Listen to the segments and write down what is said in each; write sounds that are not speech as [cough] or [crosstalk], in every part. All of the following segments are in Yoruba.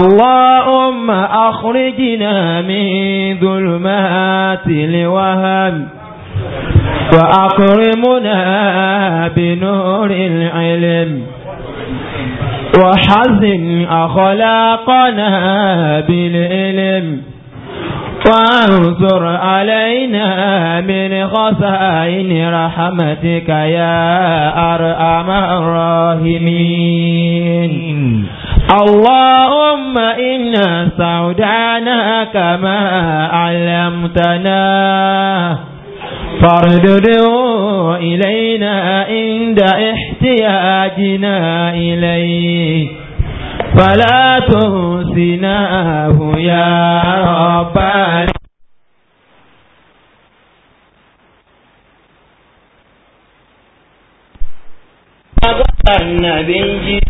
اللهم أخرجنا من ظلمات الوهم وأكرمنا بنور العلم وحزن أخلاقنا بالعلم وانصر علينا من خسائن رحمتك يا أرأم الراحمين اللهم إنا سعدانا كما علمتنا فاردده إلينا عند احتياجنا إليه فلا تنسناه يا ربنا النبي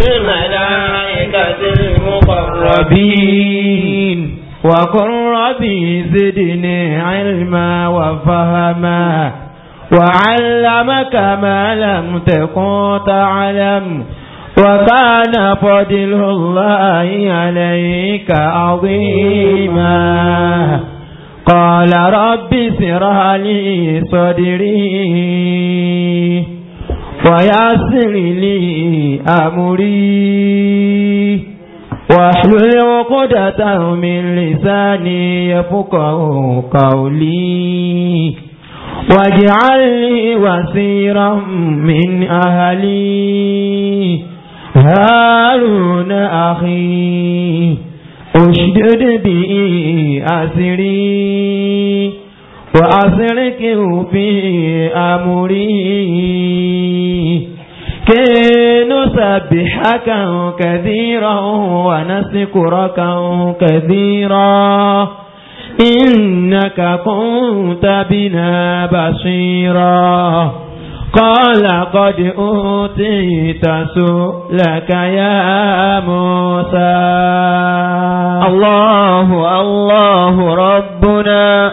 الملائكة المقربين وقل ربي زدني علما وفهما وعلمك ما لم تكن تعلم وكان فضل الله عليك عظيما قال رب سر لي صدري ويسر لي أمري واحلل عقدة من لساني يفقه قولي واجعل لي وسيرا من أهلي هارون أخي أشدد به أسري وأشركه في أمري كي نسبحك كثيرا ونذكرك كثيرا إنك كنت بنا بصيرا قال قد أوتيت سؤلك يا موسى الله الله ربنا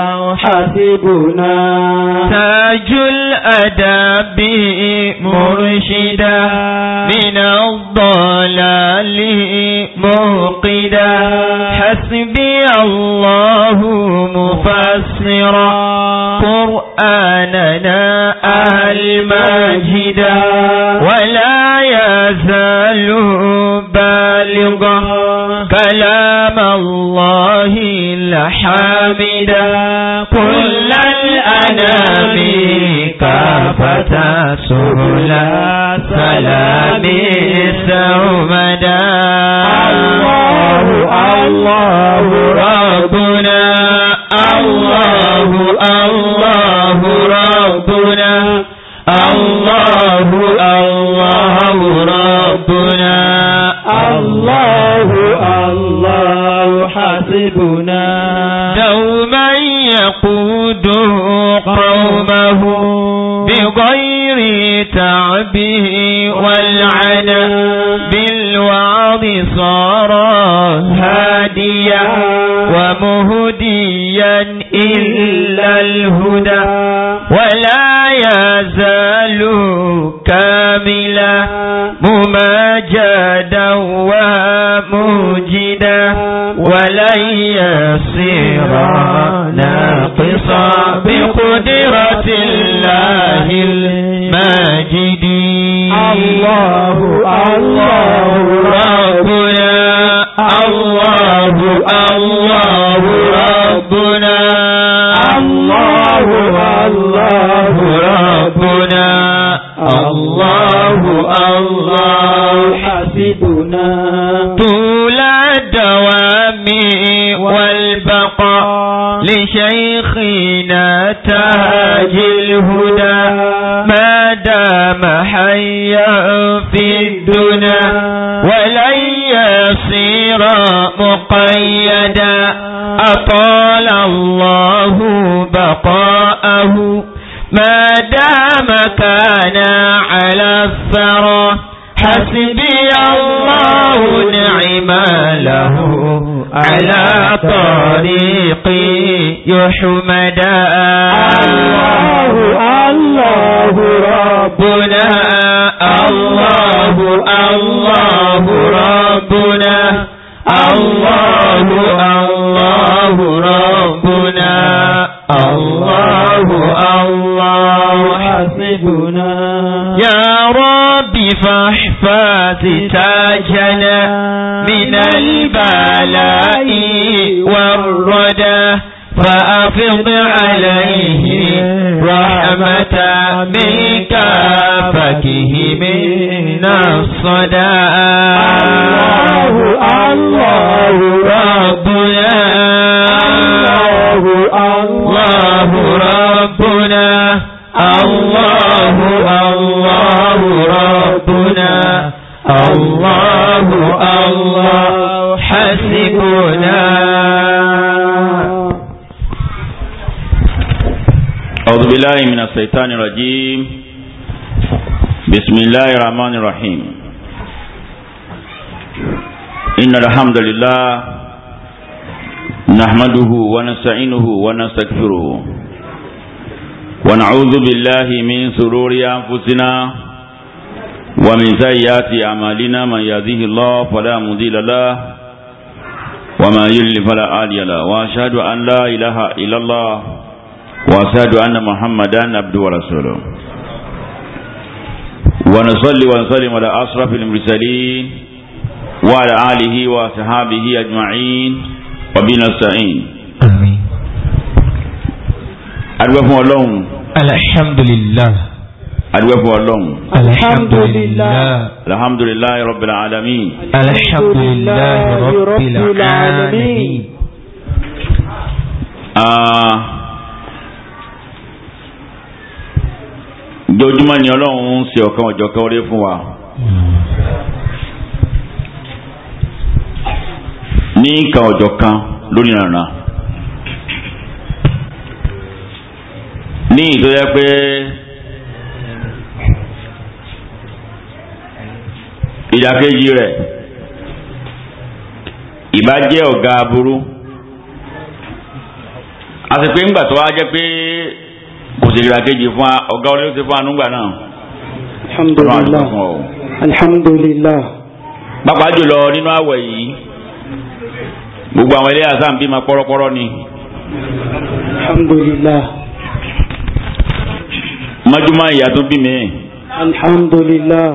حاسبنا تاج الأدب مرشدا من الضلال موقدا حسبي الله مفسرا قرآننا أهل ماجدا ولا يزال بالغا كلام الله الحامدا كل الأنام كافة سهلا سلام سوما كفرا حسبي الله نعم له على طريقي يحمد الله الله ربنا الله الله ربنا الله الله ربنا الله الله حسبنا فاحفظ تاجنا من البلاء والردى فأفض عليه رحمة من فكه من الصدى الله الله ربنا الله الله ربنا الله الله ربنا الله الله حسبنا أعوذ بالله من الشيطان الرجيم بسم الله الرحمن الرحيم إن الحمد لله نحمده ونستعينه ونستغفره ونعوذ بالله من سرور أنفسنا ومن سيئات أعمالنا من يهده الله فلا مضل له وما يضلل فلا هادي له وأشهد أن لا إله إلا الله وأشهد أن محمدا عبده ورسوله ونصلي ونسلم على أشرف المرسلين وعلى آله وصحابه أجمعين وبنستعين adúgbò fún ọlọ́run. alhamdulilah. adúgbò fún ọlọ́run. alhamdulilah. alhamdulilah rabbil alamin. alhamdulilah rabbil alamin. Ah. jojúmọ́ ni ọlọ́run ń ṣe ọ̀kan ọ̀jọ̀kan orí fún wa. ní kan lónìí rànán. ní ìtọ́jà pé ìdàkejì rẹ̀ ìbá jẹ́ ọ̀gá aburú àti pé ńgbà tó wá jẹ́ pé kò sí ìdàkejì fún ọ̀gá olóyún ti fún anúgbà náà. alhamdulilah alhamdulilah. pápá jùlọ nínú àwẹ̀ yìí gbogbo àwọn ilé àṣà ń bímọ pọ́rọ́pọ́rọ́ ni. alhamdulilah mọ́júmọ́ ìyá tó bí mi. alhamdulilah.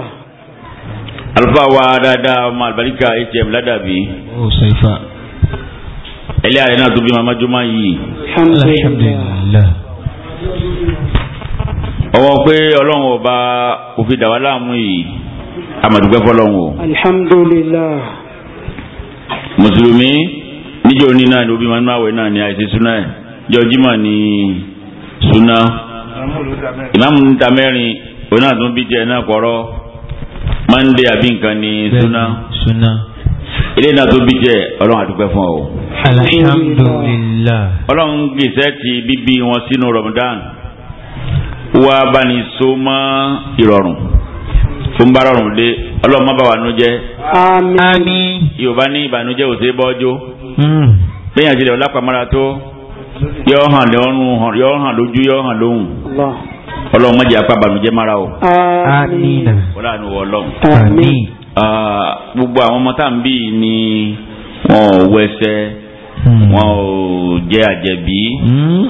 alfa wa dáadáa ọmọ àlùbáríkà hm ládàbí. ó oh, sèfà. ẹlẹ́ àrẹ náà tó bí mi mọ́júmọ́ yìí. alhamdulilah. ọwọ́ pé ọlọ́run ọba òfin dàwa láàmú yìí amadugbe fọlọ́run o. alhamdulilah. mùsùlùmí níjọ́ ní náà ni obìnrin máa ń wẹ̀ náà ni àìsí súná ẹ̀ jọjúmọ̀ ni súná ìmáàmù ń ta mẹ́rin òun náà tún bí náà kọ́rọ́ mande àbí nǹkan ni suna ilé náà tó bí jẹ́ ọlọ́run àdúgbò fún ọ. alhamdulilah. ọlọ́run gbèsè ti bíbí wọn sínú Ramadan wá bá ní so mọ́ ìrọ̀rùn tó ń bá rọrùn dé ọlọ́run má bá wà nú jẹ́. àmín. yorùbá ní ìbànújẹ́ ò sí hmm. bẹ́ẹ̀ yàtí lè ọlápàmọ́ra tó yọ hàn lọ́rùn yọ hàn lójú yọ hàn lóhùn ọlọ́run mọ̀jẹ̀ apá bànújẹ́ mara o. amiina. wọ́n àánú wọ ọlọ́run. amiin. gbogbo àwọn ọmọ tá à ń bí ni wọn ò wẹsẹ̀ hmm. wọn ò jẹ àjẹbí hmm.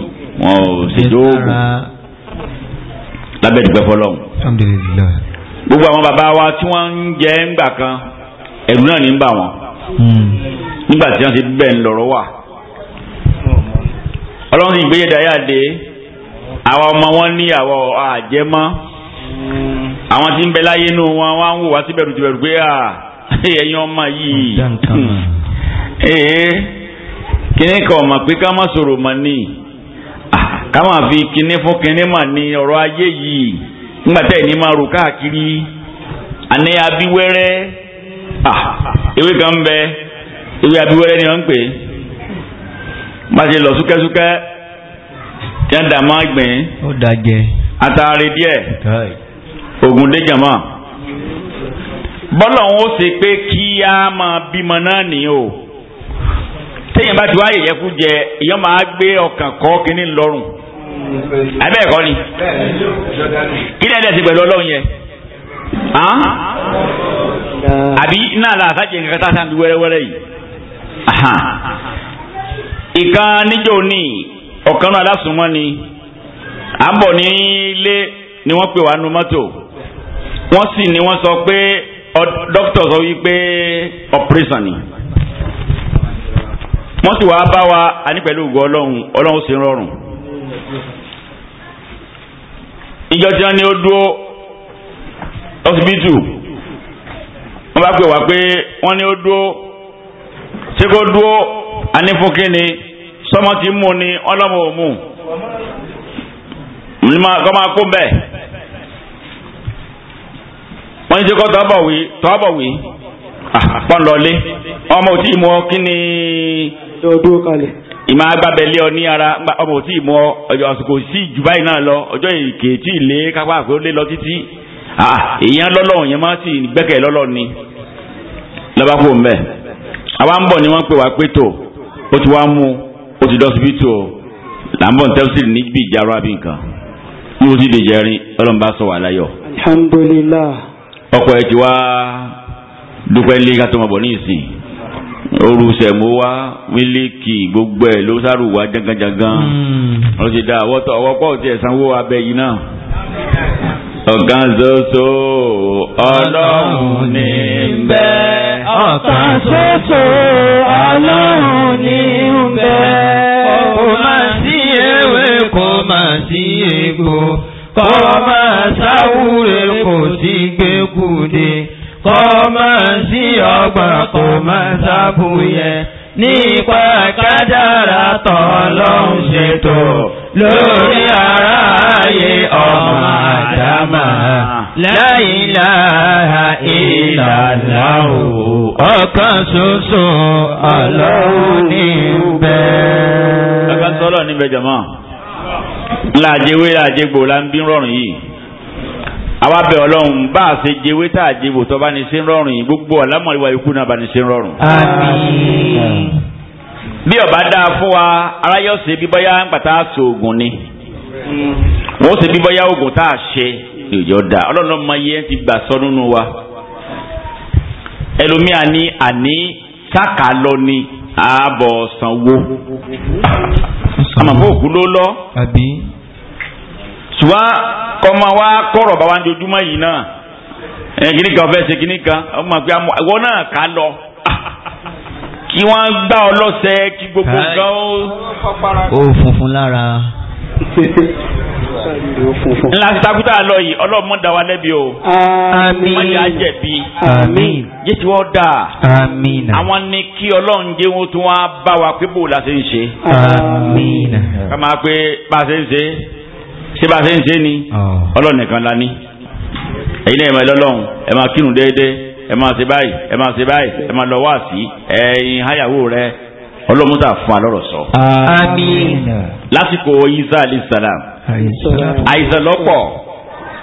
wọn ò ṣèjọ oògùn lábẹ́ ìdúpẹ́ fọlọ́run. gbogbo àwọn bàbá wa tí wọ́n ń jẹ ńgbà kan ẹ̀rù náà ní ń bà wọ́n hmm. nígbà tí wọ́n ti bẹ́ẹ̀ ń lọ́rọ̀ wà. ọlọ́run sì gbé yẹ̀dáyà dé àwọn ọmọ wọn ní àwọ̀ àjẹmọ́ àwọn tí ń bẹ láyé nù wọn wọn ń wò pé à ẹ̀yin ọmọ yìí ee kíní kan mọ̀ pé ká má soro ma ni ká fi kíní fún kíní mà ní ọ̀rọ̀ ayé yìí nígbà tẹ́ ní máa rò káàkiri àní ewé kan bẹ ewé ni wọ́n ń má ṣe lọ súkẹ́súkẹ́ tí wọ́n dà máa gbìn. ó dàjẹ́. atari díẹ̀ ogun dé jama bọ́lọ̀ ń ṣe pé kí a máa bímọ náà nìyí o téèyàn bá ti wá yẹ̀yẹ́ kú jẹ èèyàn máa gbé ọkàn kọ́ kínní lọ́rùn abẹ́ ẹ̀kọ́ ni kí lẹ́yìn ẹ̀sìn pẹ̀lú ọlọ́run yẹn àbí náà làásàjẹ̀ nǹkan tá a sàn wẹ́rẹ́wẹ́rẹ́ yìí ìkan níjọ́ ní ọ̀kan náà lásùnmọ́ ni à ń bọ̀ ní ilé ni wọ́n pè wá nu mọ́tò wọ́n sì ni wọ́n sọ pé dókítà sọ wípé operation ni wọ́n sì wá bá wa àní pẹ̀lú ògùn ọlọ́run ọlọ́run sì ń rọrùn ìjọ tí wọ́n ní ó dúró ọsibítù wọ́n bá pè wá pé wọ́n ní ó dúró ṣé kó dúró àní fún kí ni tọ́mọ ti mú ni ọlọ́mọ ò mú kọ́ máa kó bẹ́ẹ̀ wọ́n ti kọ́ tọ́bọ̀ wí tọ́bọ̀ wí pọ́nlọ́lé ọmọ ò tí ì mú ọ kí ni ìmọ̀ agbábẹ́ lé ọ ní ara ọmọ ò tí ì mú ọ ọjọ́ àsìkò sí jù báyìí náà lọ ọjọ́ ìkè tí ì lé kápá àgbẹ̀ lé lọ títí èèyàn lọ́lọ́run yẹn máa sì gbẹ́kẹ̀ lọ́lọ́run ni lọ́ba kò ń bẹ̀ àwa ń bọ̀ ni wọ́n pè wá pé tò ó ti wá mú un ó ti dọ́sibítù o làǹbọ̀ tẹ́sílì níbi ìjàrọ̀ àbí nǹkan ní o ti dèjẹ́ rin ọlọ́run bá sọ wà láyọ̀. alhamdulillah. ọkọ̀ ẹ̀ ti wá dúpẹ́ lé ká tó máa bọ̀ ní ìsìn olùsẹ̀mó wa mílíkì gbogbo ẹ̀ ló sáré wá janganjangan ọ̀sẹ̀ hmm. dá ọwọ́ pọ̀ tiẹ̀ sanwó abẹ náà ọ̀kan ṣoṣo ọlọ́run ní ń bẹ. ọ̀kan ṣoṣo ọlọ́run ní ń bẹ. kò má sí ewé kò má sí egbò kò má sáwúre kò sí gbẹ́kúde kò má sí ọgbà kò má sábúyẹ nípa kádàrá tọ́ ọlọ́run ṣètò lórí ara. La ilaha illallah ọ̀kan ṣoṣo Allahu ní bẹ́ẹ̀. ọ̀kan sọ́lọ̀ níbẹ̀ jọ̀mọ́ láàjẹwé láàjẹgbò la ń bí rọrùn yìí àwa bẹ̀ ọlọ́run bá a ṣe jẹwé tá a jẹbò tó bá ní ṣe rọrùn yìí gbogbo ọ̀làmọ̀lẹ́wà ikú náà bá ní ṣe rọrùn. bí ọba dáa fún wa aráyọ̀sẹ̀ bíbọ́yá ń pàtà sóògùn ni wọ́n ṣe bíbọ́yá oògùn tá a ṣe ìjọ da ọlọ́run náà máa yẹ ẹ́ ti gbà sọ nínú wa ẹlòmíà ní àní sáka lọ ni ààbọ̀ sanwó àmàbò òkú ló lọ ṣùgbọ́n kọ́mọ wa kọ̀rọ̀ bàbá ojoojúmọ́ yìí náà ẹ̀ kìnnì kan fẹ́ ṣe kìnnì kan ọmọ àgbẹ̀ àwọ náà ká lọ [laughs] kí wọ́n gbá ọ lọ́sẹ̀ kí gbogbo nǹkan ó. ó funfun lára. [laughs] ńlá sitakuta lọ yìí ọlọ́mọ da wa lẹ́bi o. àmín wọ́n yà á jẹ̀bi. àmín yìí tí wọ́n dà. àmín àwọn ni kí ọlọ́run jẹ́ wọn tún wá bá wa pé bò la ṣe ń ṣe. àmín ká máa pé bá a ṣe ń ṣe ṣé bá a ṣe ń ṣe ni ọlọ́run nìkan la ní. ẹ̀yin náà ẹ̀ máa lọ́lọ́run ẹ̀ máa kírun déédéé ẹ̀ máa ṣe báyìí ẹ̀ máa ṣe báyìí ẹ̀ lọ wá sí ẹ̀yin háyàwó rẹ̀ ọlọ́múta fún alọ́rọ̀ sọ. àmín lásìkò isa alayhi salam àìsàn lọ́pọ̀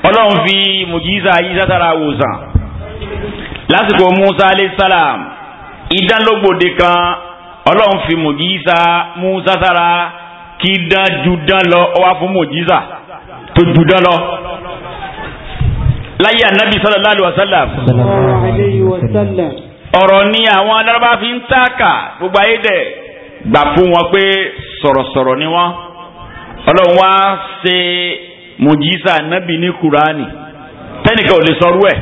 ọlọ́run fi mùjíza ayíṣà sára wòsàn lásìkò musa aleyhisalaam ìdánlógbòde kan ọlọ́run fi mùjíza musa sára kí dán ju dán lọ ọwá fún mùjíza tó ju dán lọ láyé ànábì sallallahu alaihi wasallam ọ̀rọ̀ ni àwọn adaraba fi ń tàkà gbogbo ayé dẹ̀ gbà fún wọn pé sọ̀rọ̀sọ̀rọ̀ ni wọ́n ọlọ́run wá ṣe mùjísà nábì ní kúránì tẹ́nìkan ò lè sọ rú ẹ̀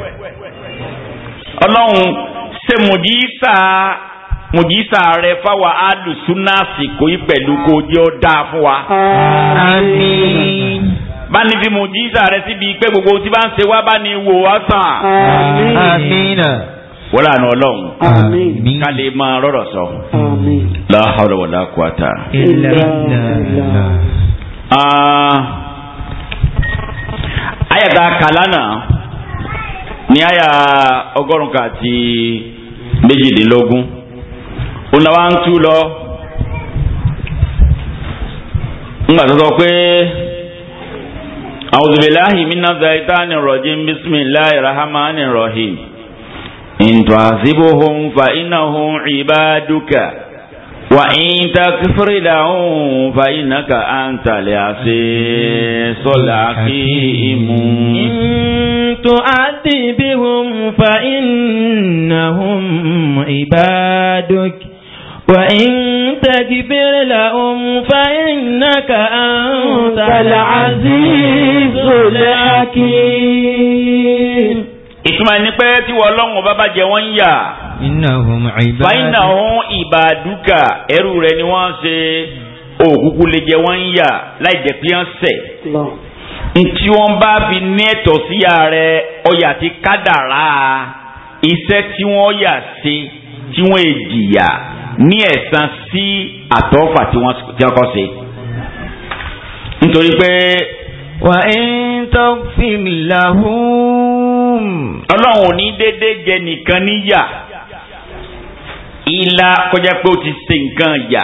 ọlọ́run ṣe mùjísà mùjísà rẹ fáwa alùsúnàsì kò í pẹ̀lú kó jẹ́ ọ́ dáa fún wa. àmín. bá ní fi mùjísà rẹ síbi pé gbogbo tí bá ń ṣe wá bá ní wò wá sàn. àmín. àmín. wọ́n lànà ọlọ́run. àmín. ká lè máa rọ̀rọ̀ sọ. àmín. la hawla wala quwata. illa Ah, aya ta kàlánà ní aya ọgọ́rùn-ún kan àti méjìdínlógún òun náà wá ń tú lọ ńgbà tó sọ pé a'udhu billahi minash shaitani rrajim bismillahir rahmanir rahim in tu'azibuhum fa innahum ibaduka. وإن تكفر لهم فإنك أنت العزيز الحكيم إن تؤذبهم فإنهم عبادك وإن تكفر لهم فإنك أنت العزيز الحكيم ìtumọ̀ ni pé tí wọ́n lọ́wọ́ bá bá jẹ wọ́n yà innahum ibadu. fainahum ibaduka ẹrú rẹ ni wọ́n ṣe òkùnkùn lè jẹ́ wọ́n ń yà láì jẹ́ pé wọ́n sẹ̀. ntí wọ́n bá fi ní ẹ̀tọ́ sí ààrẹ ọyà ti kádàrá iṣẹ́ tí wọ́n yà sí tí wọ́n èjìyà ní ẹ̀san sí àtọ́fà tí wọ́n kọ́ sí. nítorí pé. wà á ń tọ́ fìlà hùm. ọlọ́run ò ní déédéé jẹ nìkan níyà ìlà kọjá pé ó ti ṣe nǹkan ìyà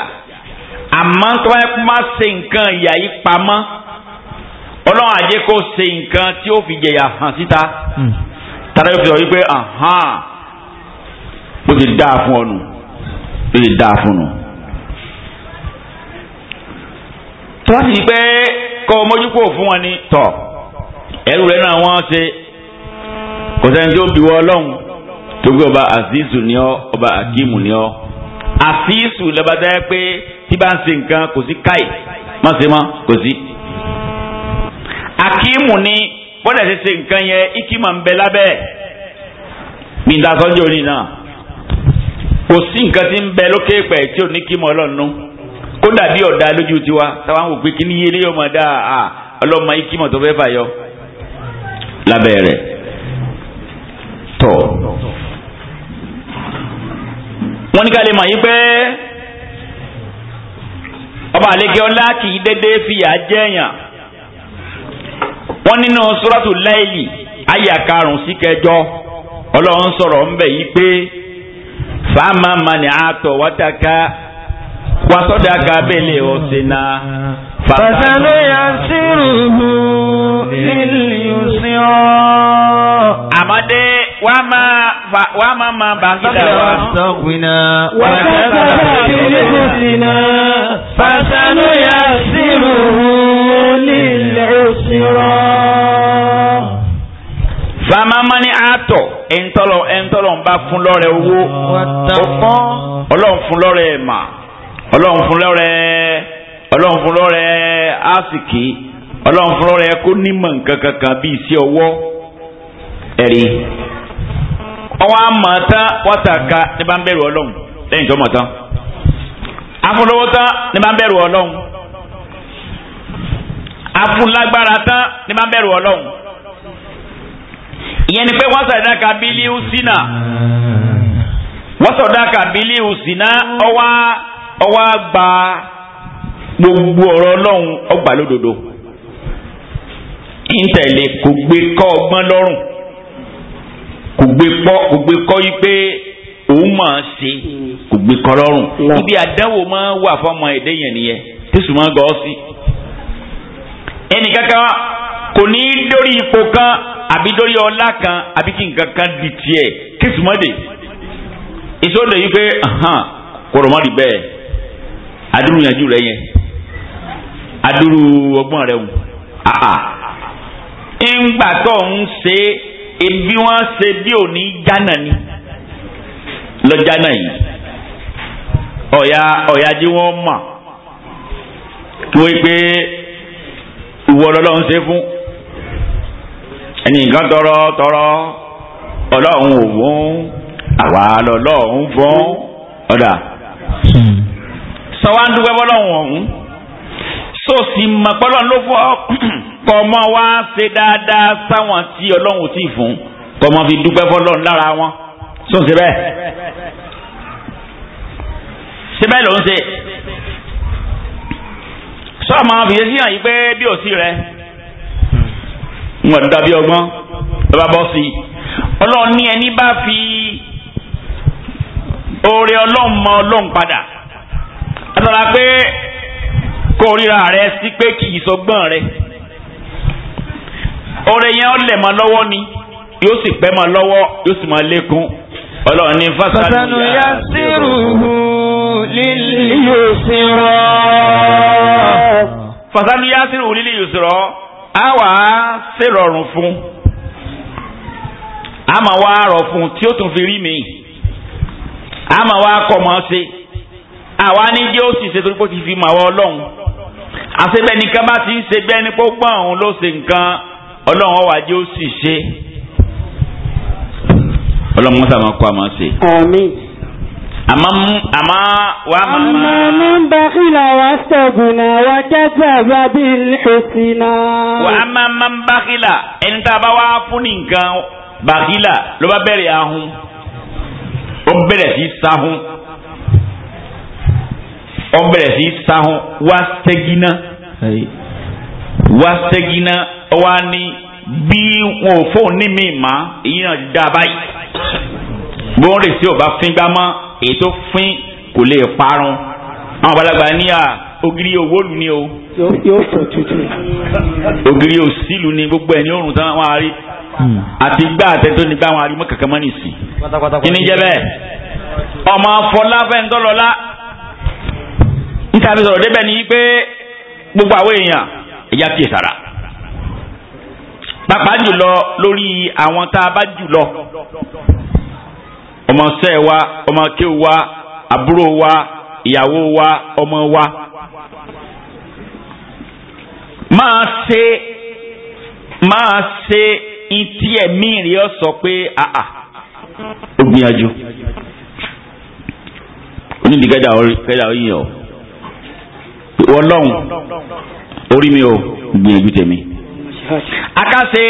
àmọ́ tó bá yẹ kó má ṣe nǹkan ìyà yìí pamọ́ ọlọ́run àjẹ́ kó ṣe nǹkan tí ó fi jẹ̀yà hàn síta hmm. tàdá yóò fi sọ wípé ó ti dáa fún ọ nù ó ti dáa fún nù. tó bá sì di pé kọ́ mójú kò fún wọn ni tọ̀ ẹrù rẹ̀ náà wọ́n ṣe kò sẹ́ni tó bí wọ́n ọlọ́run torí ọba azizu ni ọ ọba akimu ni ọ afiisu lọ́bàdá yẹ pé tí bá ń ṣe nǹkan kò sí káì má ṣe mọ́ kò sí. akimu ni bọ́dà ṣe ṣe nǹkan yẹn ikima ń bẹ lábẹ́ mi ń da sọ́jọ́ òní náà kò sí nǹkan tí ń bẹ lókè pẹ̀ tí ò ní kí mọ́ ọlọ́run kó dàbí ọ̀dà lójú tiwa táwa ń wò pé kí ni dá a ọlọ́mọ ikima tó fẹ́ fà yọ lábẹ́ rẹ̀ tọ̀. wọ́n ní ká lè mọ̀ yí pé ọba àlekè ọlá kì í dédé fìyà jẹ́yàn wọ́n nínú sọ́ràtù láìlì ayé àkarùn sí kẹjọ ọlọ́run sọ̀rọ̀ ń bẹ̀ yí pé fàámà mani àtọ̀ wátàkà wàsọ̀dàkà bẹ́lẹ̀ ọ̀sẹ̀nà fàtàlù yà sírùhù lílì ọ̀sẹ̀ ọ́. àmọ́dé wàá máa. wàá máa ma bàkídà wa. sọ́kùnà wàkàtà ìlú sinà fàṣánù yà sírù lílẹ̀ òsìrọ̀. famamani atọ ẹntọlọ ẹntọlọ ń bá fún lọ́rẹ owó Ọlọ́run fún lọ́rẹ ẹmà Ọlọ́run fún lọ́rẹ Ọlọ́run fún lọ́rẹ àsìkí Ọlọ́run fún lọ́rẹ kó nímọ̀ nǹkan kankan bíi iṣẹ́ ọwọ́ ọwa mmata wata ka nịba mberu ọlọm dị njọ mmata afọlọwọta nịba mberu ọlọm afọlagbara ta nịba mberu ọlọm ihe nịpe wasa ịda ka bili usi na wasa ịda ka bili usi na ọwa ọwa gba gbogbo ọrọ ọlọm ọgbalododo ntẹle kò kọ ọgbọn lọrùn. kò gbé pọ́ kò gbé kọ́ yí pé òun máa ṣe kò gbé kọ́ lọ́rùn ibi àdánwò máa wà fọmọ èdè yẹn nìyẹn tẹsùn máa gọ́ sí. ẹnì kankan kò ní dórí ipò kan àbí dórí ọlá kan àbí kí nǹkan kan di tiẹ̀ tẹsùn máa dé. ìṣòro yìí pé kọ̀rọ̀ má rí bẹ́ẹ̀ adúrú yanjú rẹ yẹn adúrú ọgbọ́n rẹ wù. ńgbà tó ń ṣe é ebi wọn ṣe bí òní jánà ni lọ́jánà yìí ọ̀yà ọ̀yà jí wọ́n mọ̀ kí wọ́n pé ìwọ lọ́lọ́run ṣe fún ẹni nǹkan tọrọ tọrọ ọlọ́run ò wọ́n àwa lọ́lọ́run fún ọ̀dà sọ wá ń dúpẹ́ bọ́lọ́run ọ̀hún sọ sì mọ̀ pọ́lọ́run ló fọ́ kọ́mọ wá ṣe dáadáa sáwọn tí ọlọ́run ti fún kọ́mọ fi dúpẹ́ fọlọ́run lára wọn sùn síbẹ̀ síbẹ̀ ló ń ṣe sọ́ọ̀ máa fìyẹ́ sí hàn yí pé bí ò sí rẹ̀ ń wọ̀n dàbí ọgbọ́n bàbá bọ́ sí i ọlọ́run ní ẹni bá fi oore ọlọ́run mọ ọlọ́run padà látara pé kó ríra rẹ sí pé kì í sọgbọ́n rẹ. So ọrẹ yẹn ọlẹ̀ mọ́ lọ́wọ́ ni yóò sì pẹ́ mọ́ lọ́wọ́ yóò sì mọ́ lékún ọlọ́run ní fásánù yá sírùhù lílì yóò sí rọ́. fásánù yá sírùhù lílì yóò sí rọ́ wà á ṣèrọ̀rùn fún á mà wá rọ̀ fún tí ó tún fi rí mi á mà wá kọ́ mọ́ ṣe àwa ní jẹ́ ó sì ṣe torí pé ó ti fi mà wọ́ ọlọ́run àṣebẹ́ni kan bá ti ń ṣe bẹ́ẹ̀ ni pé òun ló ṣe nǹkan ọlọ́run ọwọ́ ajé ó sì ṣe ọlọ́run mọ́sá máa kó àmọ́ ṣe. àmín. àmọ́ àmọ́ wàá máa. àmọ́ mi ń bá kìlà wá sọ̀gùnà wá kẹ́sà bá bí ìṣúná. wàá máa máa ń bá kìlà ẹni tá a bá wá fún ní nǹkan bàkìlà ló bá bẹ̀rẹ̀ ahun ó bẹ̀rẹ̀ sí sáhun ó bẹ̀rẹ̀ sí sáhun wá sẹ́gínà wá sẹ́gínà ó wá ní bí wọn ò fóun ní mi mà èyí náà dá a báyìí bí wọn rè sí ọba fíngbá mọ èyí tó fín kò lè parun àwọn àgbàlagbà ní à ògiri owólu ni o. yóò sọ tútù. ògiri òsìlù ni gbogbo ẹni òrùn tán wọn àárí hmm. àti gbá àtẹ̀tọ́ ni gbá wọn àárí mọ́ kankan mọ́ nìsí. kí ni bẹ́ẹ̀ ọmọ afọláfẹ́ ńdọ́lọ́lá níta mi sọ̀rọ̀ débẹ̀ ni pé gbogbo àwọn èèyàn ẹ̀yà kìí sára pàápàá jùlọ lórí àwọn tá a bá jùlọ ọmọọṣẹ́ wa ọmọkéwu wa àbúrò wa ìyàwó wa ọmọ wa máa ṣe máa ṣe ìtí ẹ̀mí rí ọ sọ pé àà ó gbìyànjú onídìí kẹdà orí kẹdà orí yẹn o wọlọ́hún orí mi ò gbìyànjú tèmi a ká ṣe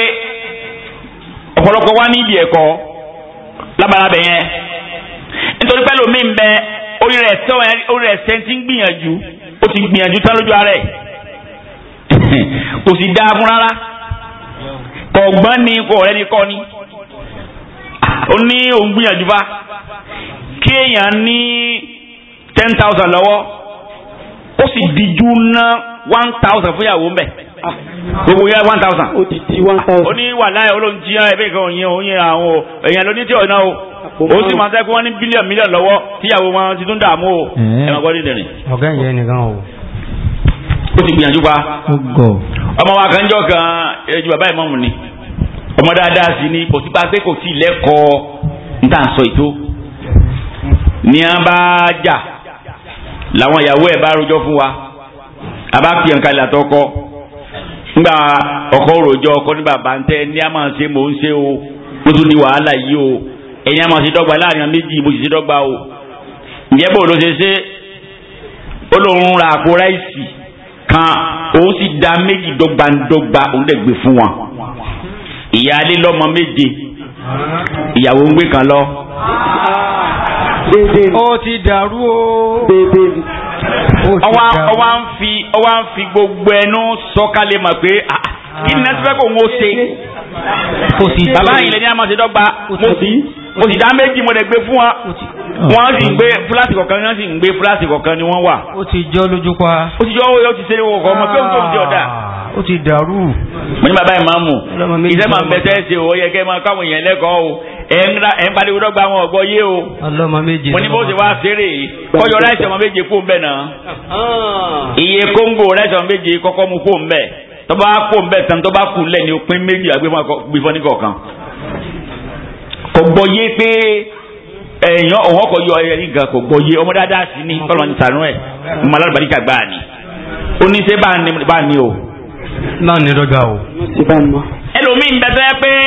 ọ̀pọ̀lọpọ̀ wá níbi ẹ̀kọ́ lábala bẹ̀ yẹn nítorí pẹ́ lómi ń bẹ orí rẹ̀ sẹ́ orí rẹ̀ sẹ́ ti ń gbìyànjú ó ti gbìyànjú tán lójú ara kò sì dáa fún rárá kọ̀ọ̀gbọ́n ni kọ̀ọ̀rẹ́ ni kọ́ ni ó ní òun gbìyànjú bá kí èèyàn ní ten thousand lọ́wọ́ ó sì díjú ná one thousand fún ìyàwó mbẹ́ gbogbo yẹn one thousand. ó ti di one thousand. ó ní wàhálà olóhùn jíyàn ẹ̀bẹ̀ kan òyìn òyìn àwọn o èèyàn ló ní tí ọ̀nà o ó sì máa ń sẹ́kún wọn ní bílíọ̀n mílíọ̀n lọ́wọ́ tíyàwó wọn ti tún dààmú o ẹ̀ máa gbọ́dọ̀ dẹ̀rìn. ọ̀gá ìyẹn nìkan o. ó ti gbìyànjú pa. ọmọ wa kan jọ kan ẹjú bàbá ìmọ̀mù ni ọmọ dáadáa sí ni kò sí pa pé kò sí lẹ́kọ̀ọ́ níta sọ ètò ní a bá jà làwọn ìyàwó ẹ̀ bá rojọ́ fún wa a bá pè nǹkan ìlàtọ̀ kọ́ ngba ọkọ rojọ ọkọ ní bàbá ntẹ ní a máa ṣe mò ń ṣe o mo tún di wàhálà yìí o ẹ̀yin a máa ṣe dọ́gba láàrin méjì mo sì ṣe dọ́gba o ǹjẹ́ bò ló ṣe ṣe ó lóun ra àpò ráìsì kan òun sì da méjì dọ́gbandọ́gba òun dẹ̀ gbé fún wọn ìyáálé lọ́mọ méje ìyàwó ń gbé kan lọ. ó ti dàrú o ọwọ́ ń fi ọwọ́ ń fi gbogbo ẹnu sọ́kalẹ̀ mọ̀ pé ah, ah, kí ni nẹ́sí fẹ́ kó ń ṣe. bàbá yìí lè ní àmọ́ ṣe dọ́gba mo sì dá méjì mo lè gbé fún wa wọ́n sì ń gbé fúláṣì kọ̀ọ̀kan wọ́n sì ń gbé fúláṣì kọ̀ọ̀kan ni wọ́n wà. ó ti jọ lójú pa. ó ti jọ ó yọ ó ti ṣe owó kọ́ ọmọ pé òun tó ń jẹ ọ̀dà. ó ti dàrú. mo ní bàbá ìmáàmù ìṣẹ́ màá bẹ tẹ́ ṣe òwò yẹ kẹ́ máa káwọn èèyàn lẹ́kọ̀ọ́ o ẹ ń pariwo dọ́gba àwọn ọ̀gbọ́ yé o. ọlọ́mọ méje mo ní bó ṣe wá ṣeré kọ́yọ ráìsì ọmọ méje kó mbẹ́ náà. Ah. iye kóńgò ráìsì ọmọ méje kọ́kọ́ mu kó mbẹ́ tó bá kó mbẹ́ tán tó bá kú lẹ̀ ní òpin méjì àgbẹ̀fọ́ ní kọ̀ọ̀kan. kò gbọ́ yé pé ẹ̀yàn òun ọkọ̀ yọ ẹ̀rí gan kò gbọ́ yé ọmọ dáadáa sí ni kọ́lọ́ ní o. náà ní dọ́gà o. ẹlòmíì ń bẹ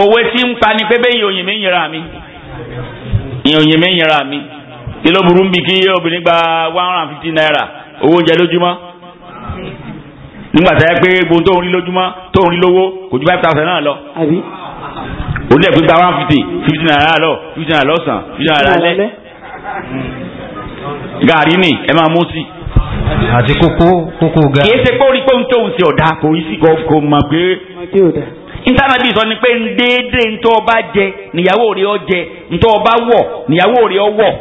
òwe tí ń pa ni pé bẹ́ẹ̀ ìyòyìn mi ń yẹra mi ìyòyìn mi ń yẹra mi kí ló burú bí kí obìnrin gba one hundred and fifty naira owó oúnjẹ lójúmọ́ nígbà tá a pé gbogbo tó ń rí lójúmọ́ tó ń rí lówó kò ju five thousand náà lọ òun dẹ̀ pé gba one fifty fifty naira lọ fifty naira lọ́sàn fifty naira lálẹ́ gàrí ni ẹ máa mú sí i àti kókó kókó ga. kì í ṣe pé orí pé ń tóun ṣe ọ̀dà kò í sì kò mọ̀ pé ntànàbí sọ ni pé ndéédé ntọ́ ọba jẹ níyàwó rẹ̀ ọ jẹ ntọ́ ọba wọ̀ níyàwó rẹ̀ ọ wọ̀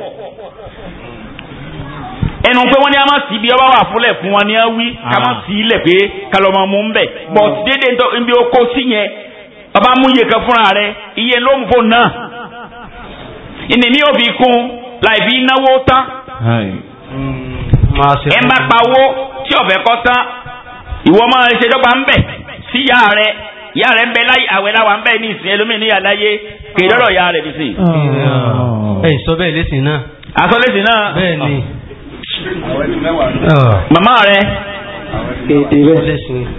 ẹnu pé wọ́n ní a máa sì bí ọba wà fúnlẹ̀ fún wọn ní a wí ah. ká máa sì ilẹ̀ pé kálọ́mọ mú ń bẹ̀ mm. bọ̀ déédé ntọ́ ibi ó sí yẹn ọba mú iye kan fúnra rẹ̀ iye ló ń fò náà ìnìmí ò fi kún láì fi náwó tán mm, ẹ má pawó tí ọ̀fẹ́ kọ́ tán ìwọ máa ṣe dọ́gba ń bẹ̀ síyá rẹ̀ ìyá rẹ̀ ń bẹ láyé àwẹ̀ láwa ń bẹ ní ìsìn ẹlòmíì ní àláyé kì ìyá rẹ̀ fi oh. ẹ sọ bẹ́ẹ̀ lẹ́sìn náà. àsọ lẹ́sìn náà. bẹ́ẹ̀ ni. Oh. Oh. màmá rẹ.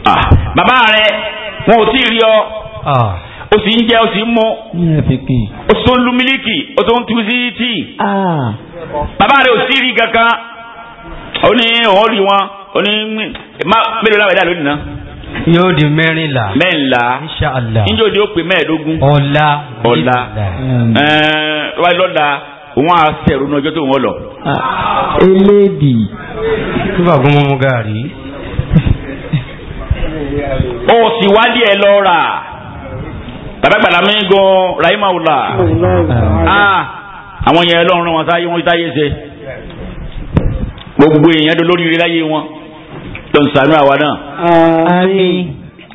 Ah. bàbá rẹ wọn ò tí ì rí ọ ah. o sì ń jẹ o sì ń mu o sì ń lu mílíkì o sì ń tu sí tíì ah. bàbá rẹ ò sí rí kankan ó ní òun rí wọn ó ní mélòó láwẹ̀ dá lónìí náà yóò di mẹ́rìnlá. mẹ́rìnlá. inṣàlá. níjó ni ó pè mẹ́ẹ̀ẹ́dógún. ọ̀la. ọ̀la. ẹ̀ẹ́n wáyé lọ́la òun á sẹ̀rù ní ọjọ́ tó wọ́n lọ. eléèdì. tó bá gún mọ́mú gàrí. o sì wádìí ẹ lọ rà tàbẹ́gbàlá mi gan rahimahula àwọn yẹn lọ́run wọn sáyé wọn táyé ṣe gbogbo èèyàn lórí ire wọn ló ń ṣàánú àwa náà. àmín.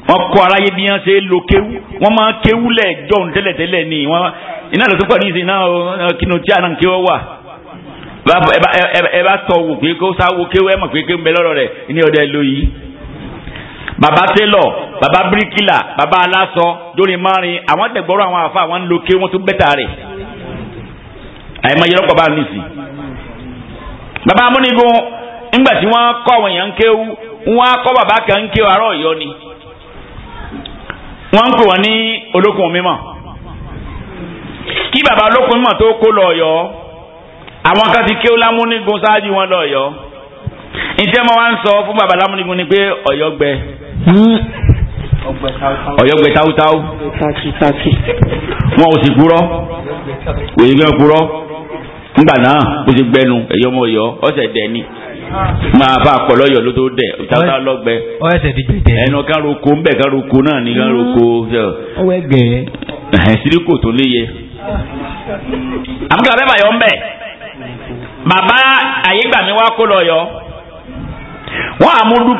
wọ́n kọ́ aráyé bí wọ́n ṣe lo kéwú wọ́n máa kéwú lẹ̀ jọ̀hún tẹ́lẹ̀tẹ́lẹ̀ ni wọ́n iná lọ́sọ̀ pẹ̀lú ìsìn náà kínú tí àná kí wọ́n wà ẹ bá tọ̀ wò pé kó sáwó kéwú ẹ mọ̀ pé kéwú ń bẹ lọ́rọ̀ rẹ̀ ní ọ̀dẹ lóyìí baba télọ̀ baba bíríkìlà baba aláṣọ jóni márùn àwọn tẹgbọrọ àwọn àfa àwọn ń lo ké wọn tún bẹta rẹ àyè máa yọrọ pàbá nìsí. baba amúnigun ńgbà tí wọ́n kọ́ àwọn èèyàn ń kéwú wọ́n á kọ́ bàbá kan ń kéwú àárọ̀ ọ̀yọ́ ni wọ́n ń pè wọ́n ní olókun mímọ́ kí bàbá olókun mímọ́ tó kó lọ ọ̀yọ́ àwọn kan ti kéwú lámúnigun ṣáájú wọn lọ ọ̀yọ́ ǹjẹ́ mo wá ń sọ fún bàbá lámúnigun ni pé ọ̀yọ́ gbẹ ọ̀yọ́gbẹ táwútáwú wọn ò sì kúrọ́ òyìnbó kúrọ́ ńgbà náà bó ṣe gbẹnu ẹ̀yọ́ ọmọ ọ̀yọ́ ọ̀sẹ̀ dẹ́ni máa bá àpọ̀lọ́yọ̀ ló tó dẹ̀ òtítà lọ́gbẹ. ọ̀ẹ́sẹ̀ ti gbèdé. ẹnu károko ńbẹ karoko náà ní károko. ọwọ́ ẹgbẹ́. síríkò tó léye. àmúkàrà bẹ́ẹ̀ bàyọ̀ ńbẹ bàbá àyégbàmí wa kó lọ yọ wọn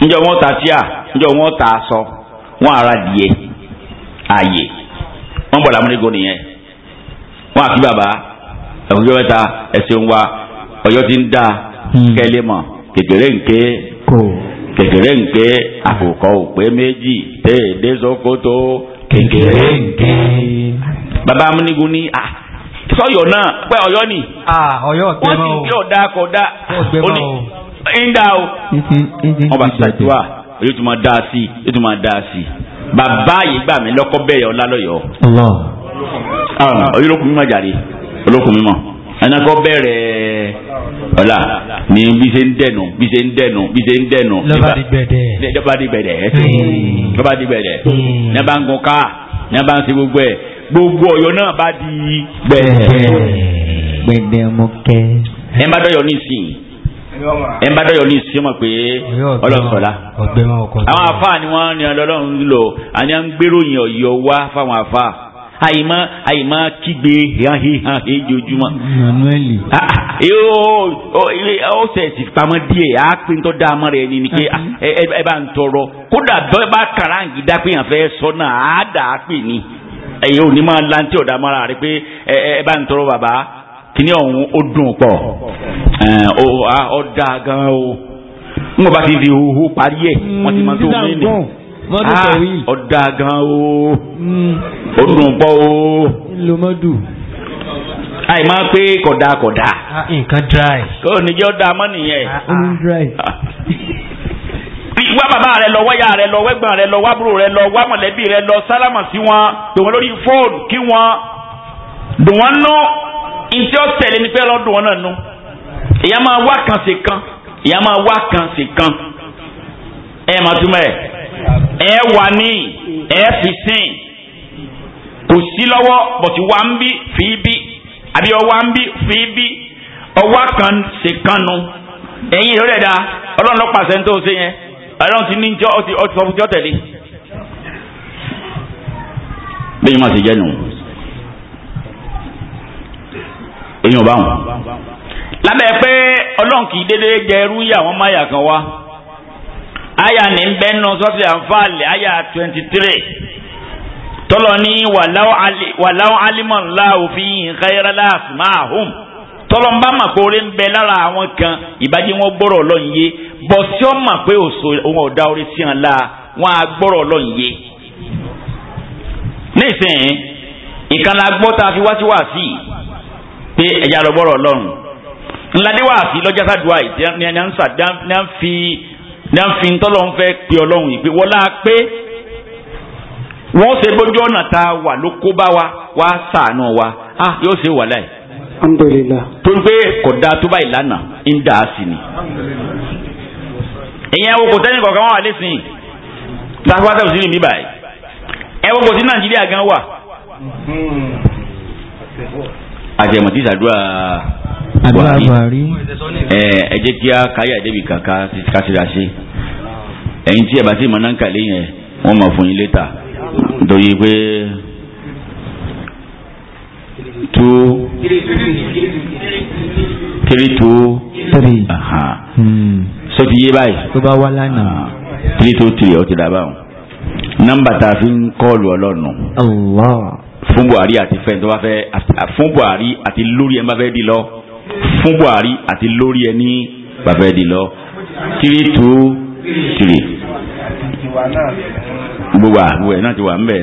njọ wọn ta njọ wọn ta wọn ara ààyè wọn bọ̀ làmúlẹ́gọ́ nìyẹn ẹ̀kúnjọ́ mẹ́ta ẹ̀sìn wa ọ̀yọ́ ti ń dà hmm. kekere mọ̀ kékeré nké kékeré nké àkùkọ òpé méjì téèdé sokoto kékeré nké. bàbá amúnigun ní a sọyọ náà pé ọyọ ni wọ́n ti yóò dá kọ dá òní ń dá o. wọ́n bá ṣàdúrà yóò tún máa dá a sí yóò tún máa dá a sí bàbá yìí gbà mí ah, ló mi olókùn mímọ́ ẹnakọ bẹ̀rẹ̀ ọlá ní bí ṣe ń dẹnu bí ṣe ń dẹnu bí ṣe ń dẹnu. lọ́ba di gbẹ̀dẹ̀. lọ́ba di gbẹ̀dẹ̀ lọ́ba di gbẹ̀dẹ̀ ní bá ń gun ká ní bá ń ṣe gbogbo ẹ̀ gbogbo ọ̀yọ́ náà bá di gbẹ̀dẹ̀. gbẹ̀dẹ̀ mo kẹ́. ẹ má dọ̀yọ̀ nísìnyí ẹ má dọ̀yọ̀ nísìnyí ó mọ̀ pé ọlọ́sọ̀lá. àwọn àfáà ni wọ́n ní ọlọ́run lò àní à ń ọ̀yọ́ wá fáwọn àfáà. àyìnmá àyìnmá kígbe hàn hàn ha jojúmọ́. manuel. ó ah, ah, eh, oh, oh, oh, pamọ́ díẹ̀ á pé ń tọ́ da rẹ̀ ni ni ah, ẹ bá ń tọrọ kódà bẹ́ẹ̀ bá kàràǹgì dá yàn fẹ́ sọ náà á dà á pè ní. ẹ̀yin ò ní máa lantí ọ̀dà mọ́ra rẹ̀ pé ẹ bá ń o n kò bá ti parí ẹ̀ wọ́n ti máa tó mọ́dù ah, tẹ̀wí. ọ̀dà gan o hmm. ó dùn pọ̀ o. ńlò mọ́dù. àì máa pé kódà kódà. Ah, nǹkan dry. kò ní jẹ́ ọ̀dà mọ́ nìyẹn. Ah, ó ní dry. wá bàbá rẹ lọ wáyà rẹ lọ wẹ́gbọ̀n rẹ lọ wábúrò rẹ lọ wá mọ̀lẹ́bí rẹ lọ sálámà sí wọn pè wọ́n lórí fóònù kí wọ́n dùn wọ́n nú ìjọ tẹ̀lé ní pẹ́ lọ́dún wọn náà nú ìyá máa wá kan sí kan ìyá máa wá kan sí kan ẹ̀ máa túmọ̀ ẹ̀. ẹ wà ní ẹ fi kò sí lọ́wọ́ bọ̀tí fi bi àbí ọwọ́ ń bí fi ọwọ́ kan ṣe kanu ẹ̀yin ìrọ̀lẹ́ da ọlọ́run ló pàṣẹ ń tó ṣe yẹn ọlọ́run ti ní jọ ọtí ọtí fọwọ́ jọ bá wọn. lábẹ́ pé ọlọ́run dédé jẹ irú yà wọ́n máyà kan aya ní bẹ́nu sọ́tì àǹfààlì aya twenty three tọ́lọ́ ní wàláwọ́ alimọ̀lá òfin ìkẹyẹrẹlá àsùmáhùn tọ́lọ́ ń bá mà pé orí ń bẹ lára àwọn kan ìbàjẹ́ wọn gbọ́rọ̀ ọlọ́run yé bọ̀ sí ọ́ mà pé òun ọ̀dà orí sí hàn la wọn á gbọ́rọ̀ ọlọ́run yé. nísìnyí ìkànnì agbọ́ta fi wá sí wàásì pé ẹ̀yà lọ gbọ́rọ̀ ọlọ́run ńlá ni wàásì lọ́jà sádùá yìí ní à ń fi ní fi tọ́lọ́ ń fẹ́ pe ọlọ́run ìpè wọlá pé wọ́n ṣe bójú ọ̀nà tá wà ló kó bá wa wá sàánú wa yóò ṣe wà yìí. tó ń pé kódà tó báyìí lánàá ń dà á sí ni. ìyẹn wo kò kọ̀ọ̀kan wà lẹ́sìn báyìí kò sí wà. Hmm. àjẹmọ̀tì Buhari ẹ jẹ́ kí a káyà débi kàkà kásìrà sí ẹ̀yin tí ẹ bá yẹn wọ́n máa fún yín létà nítorí pé two three two three so hmm. ti yé báyìí. tó bá wá lánàá. Ah. three two three ó ti dà báwọn nọ́mbà tá a fi ń kọ́ọ̀lù ọlọ́run. Allah fún buhari àti fẹ́ntọ́ bá fẹ́ fún buhari àti lórí ẹ̀ bá fẹ́ di lọ fún Buhari àti lórí ẹ ní bàbá ẹ di lọ three two three gbogbo àgbò ẹ náà ti wà ń bẹ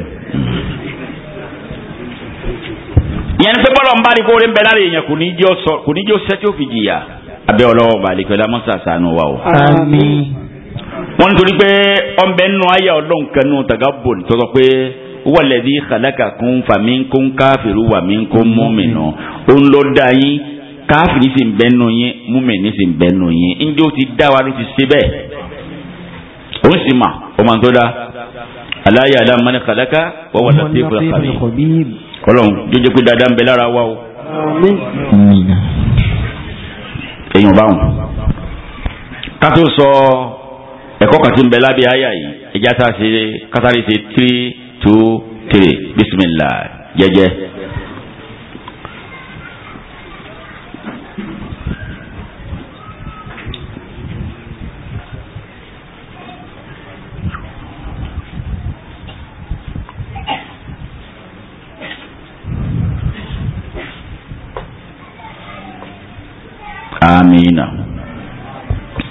ìyẹn ni pé bọ́lọ̀ ń bá ní kóore ń bẹ lára èèyàn kò ní jẹ́ sọ kò ní jẹ́ sẹ́ tí ó fi jìyà abẹ́ ọlọ́wọ́ balẹ̀ pẹ̀lú amọ́sà wa o. àmín. wọ́n nítorí pé ọ̀nbẹ nù ayé ọlọ́run kan nù tàgá bò tọ́tọ́ pé wọ́lẹ̀dí kàlákà kún fàmí kún káfíìrú wàmí kún mọ́mìnà ó ń lọ dá yín káfíìrì sì ń bẹ nù yín múmìnì sì ń bẹ nù yín ǹjẹ́ ó ti dá wa ló ti ṣe bẹ́ẹ̀ ó sì mà ó máa tó dá aláyà alá mani kàlákà wọ́n wà láti ìfúra kàbí ọlọ́run jọjọ pé dáadáa ń bẹ lára wa o. èèyàn bá wọn ká tó sọ ẹ̀kọ́ kan tí ń bẹ lábẹ́ àyà yìí ẹja tá a ṣe kátàrí ṣe three two three bisimilah jẹ́jẹ́. àmìnà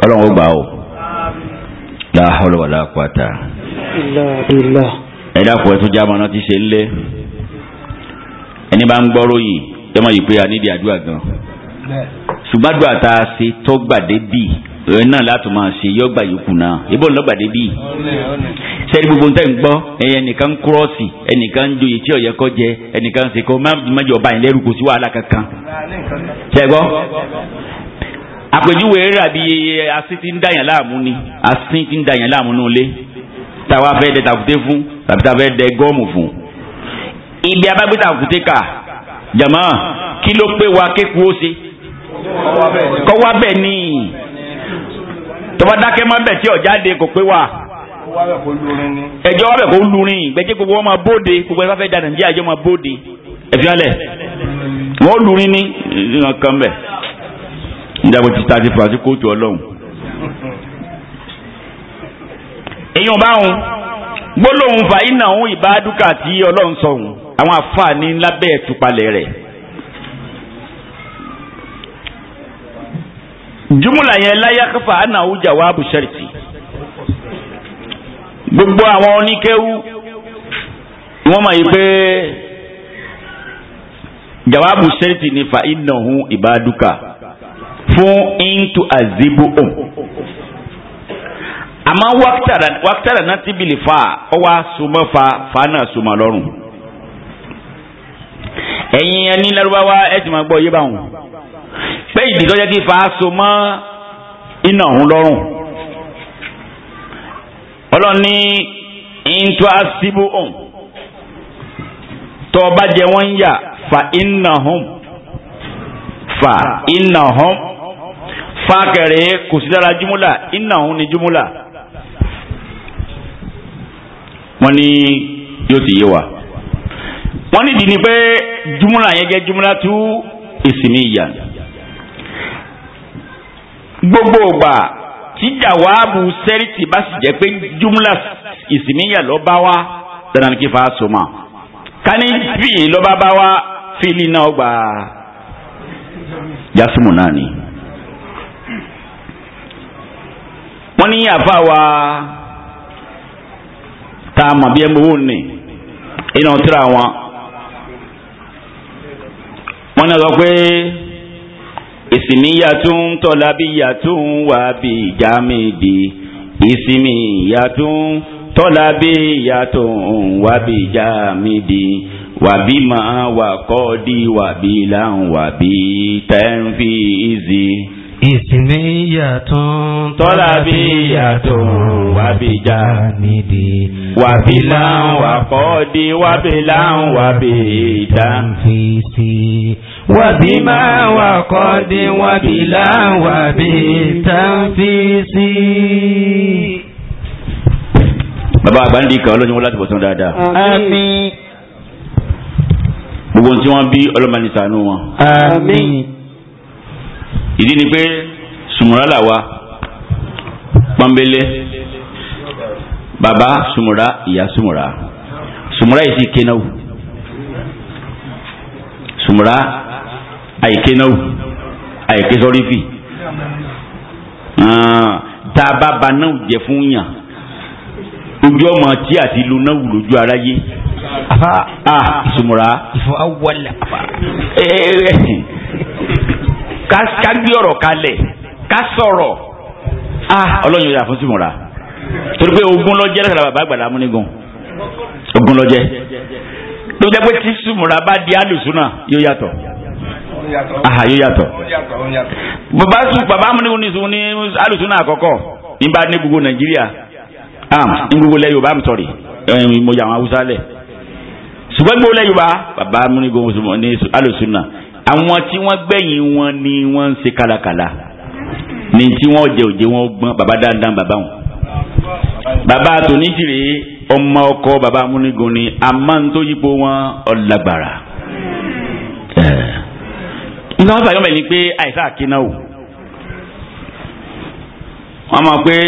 ọlọ́run ó gbà ó láhọ́lọ́ wà lápáta. ẹ dákun ẹ tún já mọ́nà tí ṣe ń lé ẹni bá ń gbọ́ ròyìn ẹ mọ̀ yìí pé a nídìí àdúrà gan. ṣùgbọ́n àdúrà tá a ṣe tó gbàdé bì ẹ náà láti máa ṣe yọ gbà yòókù náà ibo ló gbàdé bì. sẹ́ni gbogbo nǹkan gbọ́ ẹ̀yẹ nìkan kúrọ́ọ̀sì ẹnìkan ń joyè tí ọ̀yẹ́ kọ́ jẹ ẹnìkan ṣe kọ́ má jọ báyìí lẹ́rù kò sí wàhálà kankan. ṣẹ́gbọ́ àpèjúwe rírà bí asin ti ń dàyàn láàmú ni asin ti ń dàyàn láàmú nù lé táwa fẹ́ dẹ tàkùté fún tàbí táwa fẹ́ dẹ gọ́ọ̀mù fún. ibi abágbé tàkùté kà jàmọ́ kí ló pé wa kéku ó ṣe kọ́ wá bẹ̀ ni tọ́wọ́ dákẹ́ má bẹ̀ tí ọ̀jáde kò pé wa ẹjọ́ wa bẹ̀ kó lurin gbẹ́jẹ́ gbogbo wọn máa bóde gbogbo ẹ bá fẹ́ da nàìjíríà ẹjọ́ máa bóde ẹ̀fíàlẹ̀ wọ́n lurin ní nǹkan bẹ̀ ìdàgbò ti ta ti fà sí kóòtù ọlọ́run. èyí ò bá wọn gbólóhùn fà iná òun ìbádùkà tí ọlọ́run sọ òun àwọn àfààní lábẹ́ ẹ̀túpalẹ̀ rẹ̀. jumla yẹn láyà káfà àná àwùjá wa bùsẹ̀rìtì gbogbo àwọn oníkéwú wọ́n mọ̀ yìí pé jawabu sẹ́rìtì ni fa iná òun ìbádùkà. fún intu azibu ma àmọ́ wákítàrà náà ti bìlì fa ọ wá sumọ́ fa fa náà sumọ́ lọ́rùn ẹ̀yin ẹni lárúbáwá ẹ máa gbọ́ yé báwọn pé kí fa sumọ́ iná òun lọ́rùn ọlọ́run ní intu azibu tọ́ jẹ wọ́n fa iná hom fa iná hom. fákẹrẹ kò sí lára júmúlà iná òun ni júmúlà wọ́n ní yóò ti yé wa wọ́n ní ìdí ni pé júmúlà yẹn jẹ́ júmúlà tú ìsinmi ìyá gbogbo ògbà tí jàwáàbù sẹ́rìtì bá sì jẹ́ pé júmúlà ìsinmi ìyá lọ́ bá wa dandan ní kí fa so ma ká ní bíi lọ́ba bá wa fílì náà gbà jásùmù náà ni. wọ́n ní àfa wa tá a mọ̀ bí ẹ mọ̀wó ni iná tíra wọn wọ́n ní sọ pé ìsìnìyà tún tọ́lá bí ìyà tún wà bí ìjà mi di ìsinmi ìyà tọ́lá bí ìyà wà bí ìjà mi di wàbí màá wà kọ́ di wàbí láhùn wàbí tẹ́ ń fi ìzì ìsìnìyà tún tọ́lá bí ìyàtọ̀ wàbíjà nídi wàbílà wàkọ́ọ̀dí wàbílà wàbíjà fi sí wàbímà wàkọ́ọ̀dí wàbílà wàbíjà fi sí. bàbá àbáńdì kan ọlọ́run wọn láti bọ̀ sán dáadáa. àmín. gbogbo tí wọ́n bí ọlọ́mọ ní ṣàánú wọn. àmín ìdí ni pé sùmùrà là wa pọ́nbélé bàbá sùmùrà ìyá sùmùrà sùmùrà yìí sì kénáwó sùmùrà àìkénáwó àìkésọ́rífì ah, tá a bá ba náà jẹ fún yàn ojú ọmọ tí àti lu náà wù lójú aráyé ah sùmùrà. ìfọ̀ ká gbé ọ̀rọ̀ kalẹ̀ ká sọ̀rọ̀ ah ọlọ́run yóò yà fún tìmọ̀ra torí pé ogun lọ́jẹ́ lọ́sàrà bàbá àgbàlá múnigun ogun lọ́jẹ́ tó jẹ́ pé tí sùmùrà bá di àlùsùnà yóò yàtọ̀ aha yóò yàtọ̀ bàbá sùn bàbá múnigun ní sùn ní àlùsùnà àkọ́kọ́ ní bá ní gbogbo nàìjíríà am ní gbogbo lẹ́yìn yorùbá mi sọ̀rì mo yà wọn haúsá ṣùgbọ́n gbogbo lẹ́yìn yorùbá bàbá múnigun ní àlùsùnà àwọn tí wọ́n gbẹ̀yìn wọn ni wọ́n ń ṣe kàlàkàlà ní tí wọ́n jẹ òjé wọn gbọ́n baba dandan baba wọn. baba tonitire ọmọ ọkọ baba amúnigun ni amáńtó yípo wọn ọlágbára. nígbà wọn fàyọmọ ni pé àìsàn àkínná wọn mọ pé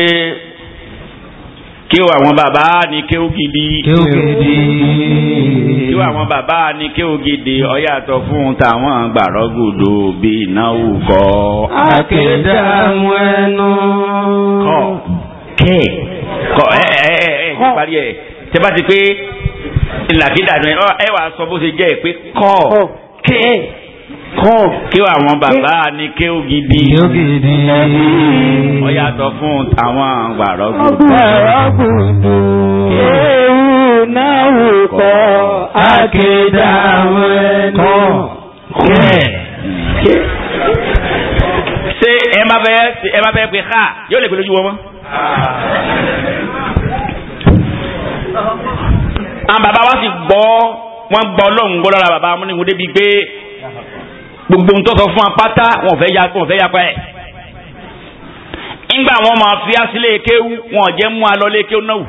kéwò àwọn bàbá ni kéwò gidi. kéwò gidi. kéwò àwọn bàbá ni kéwò gidi ọ̀yàtọ̀ fún tàwọn gbàrọ́gòdò bí ìnáwó kọ́. akéda wẹnu. kọ kẹ kọ ẹ ẹ ẹ ẹ parí ẹ tẹ bá ti pé làkídà ẹ wàá sọ bó ṣe jẹ́ ẹ pé kọ kẹ kọ́. kí àwọn bàbá ni kí ó gidi. kí ó gidi. wọ́n yàtọ̀ fún àwọn gbàrọ́gùdù. gbàrọ́gùdù. kéwù náà wò kọ́ akéda àwọn ẹni. kọ́ kẹ́. ṣé ẹ máa fẹ́ ẹ máa fẹ́ pé ká yóò lè pè lójú wọn mọ́. àwọn bàbá wa sì gbọ́ wọ́n gbọ́ ọlọ́run lára bàbá wọn ni mo débi pé gbogbo ń tọ́sọ fún apáta wọn fẹ́ ya wọn fẹ́ ya pa ńgbà wọn máa fi asílẹ̀ kéwú wọn jẹ́ mú alọ́lé kéwú náà wù.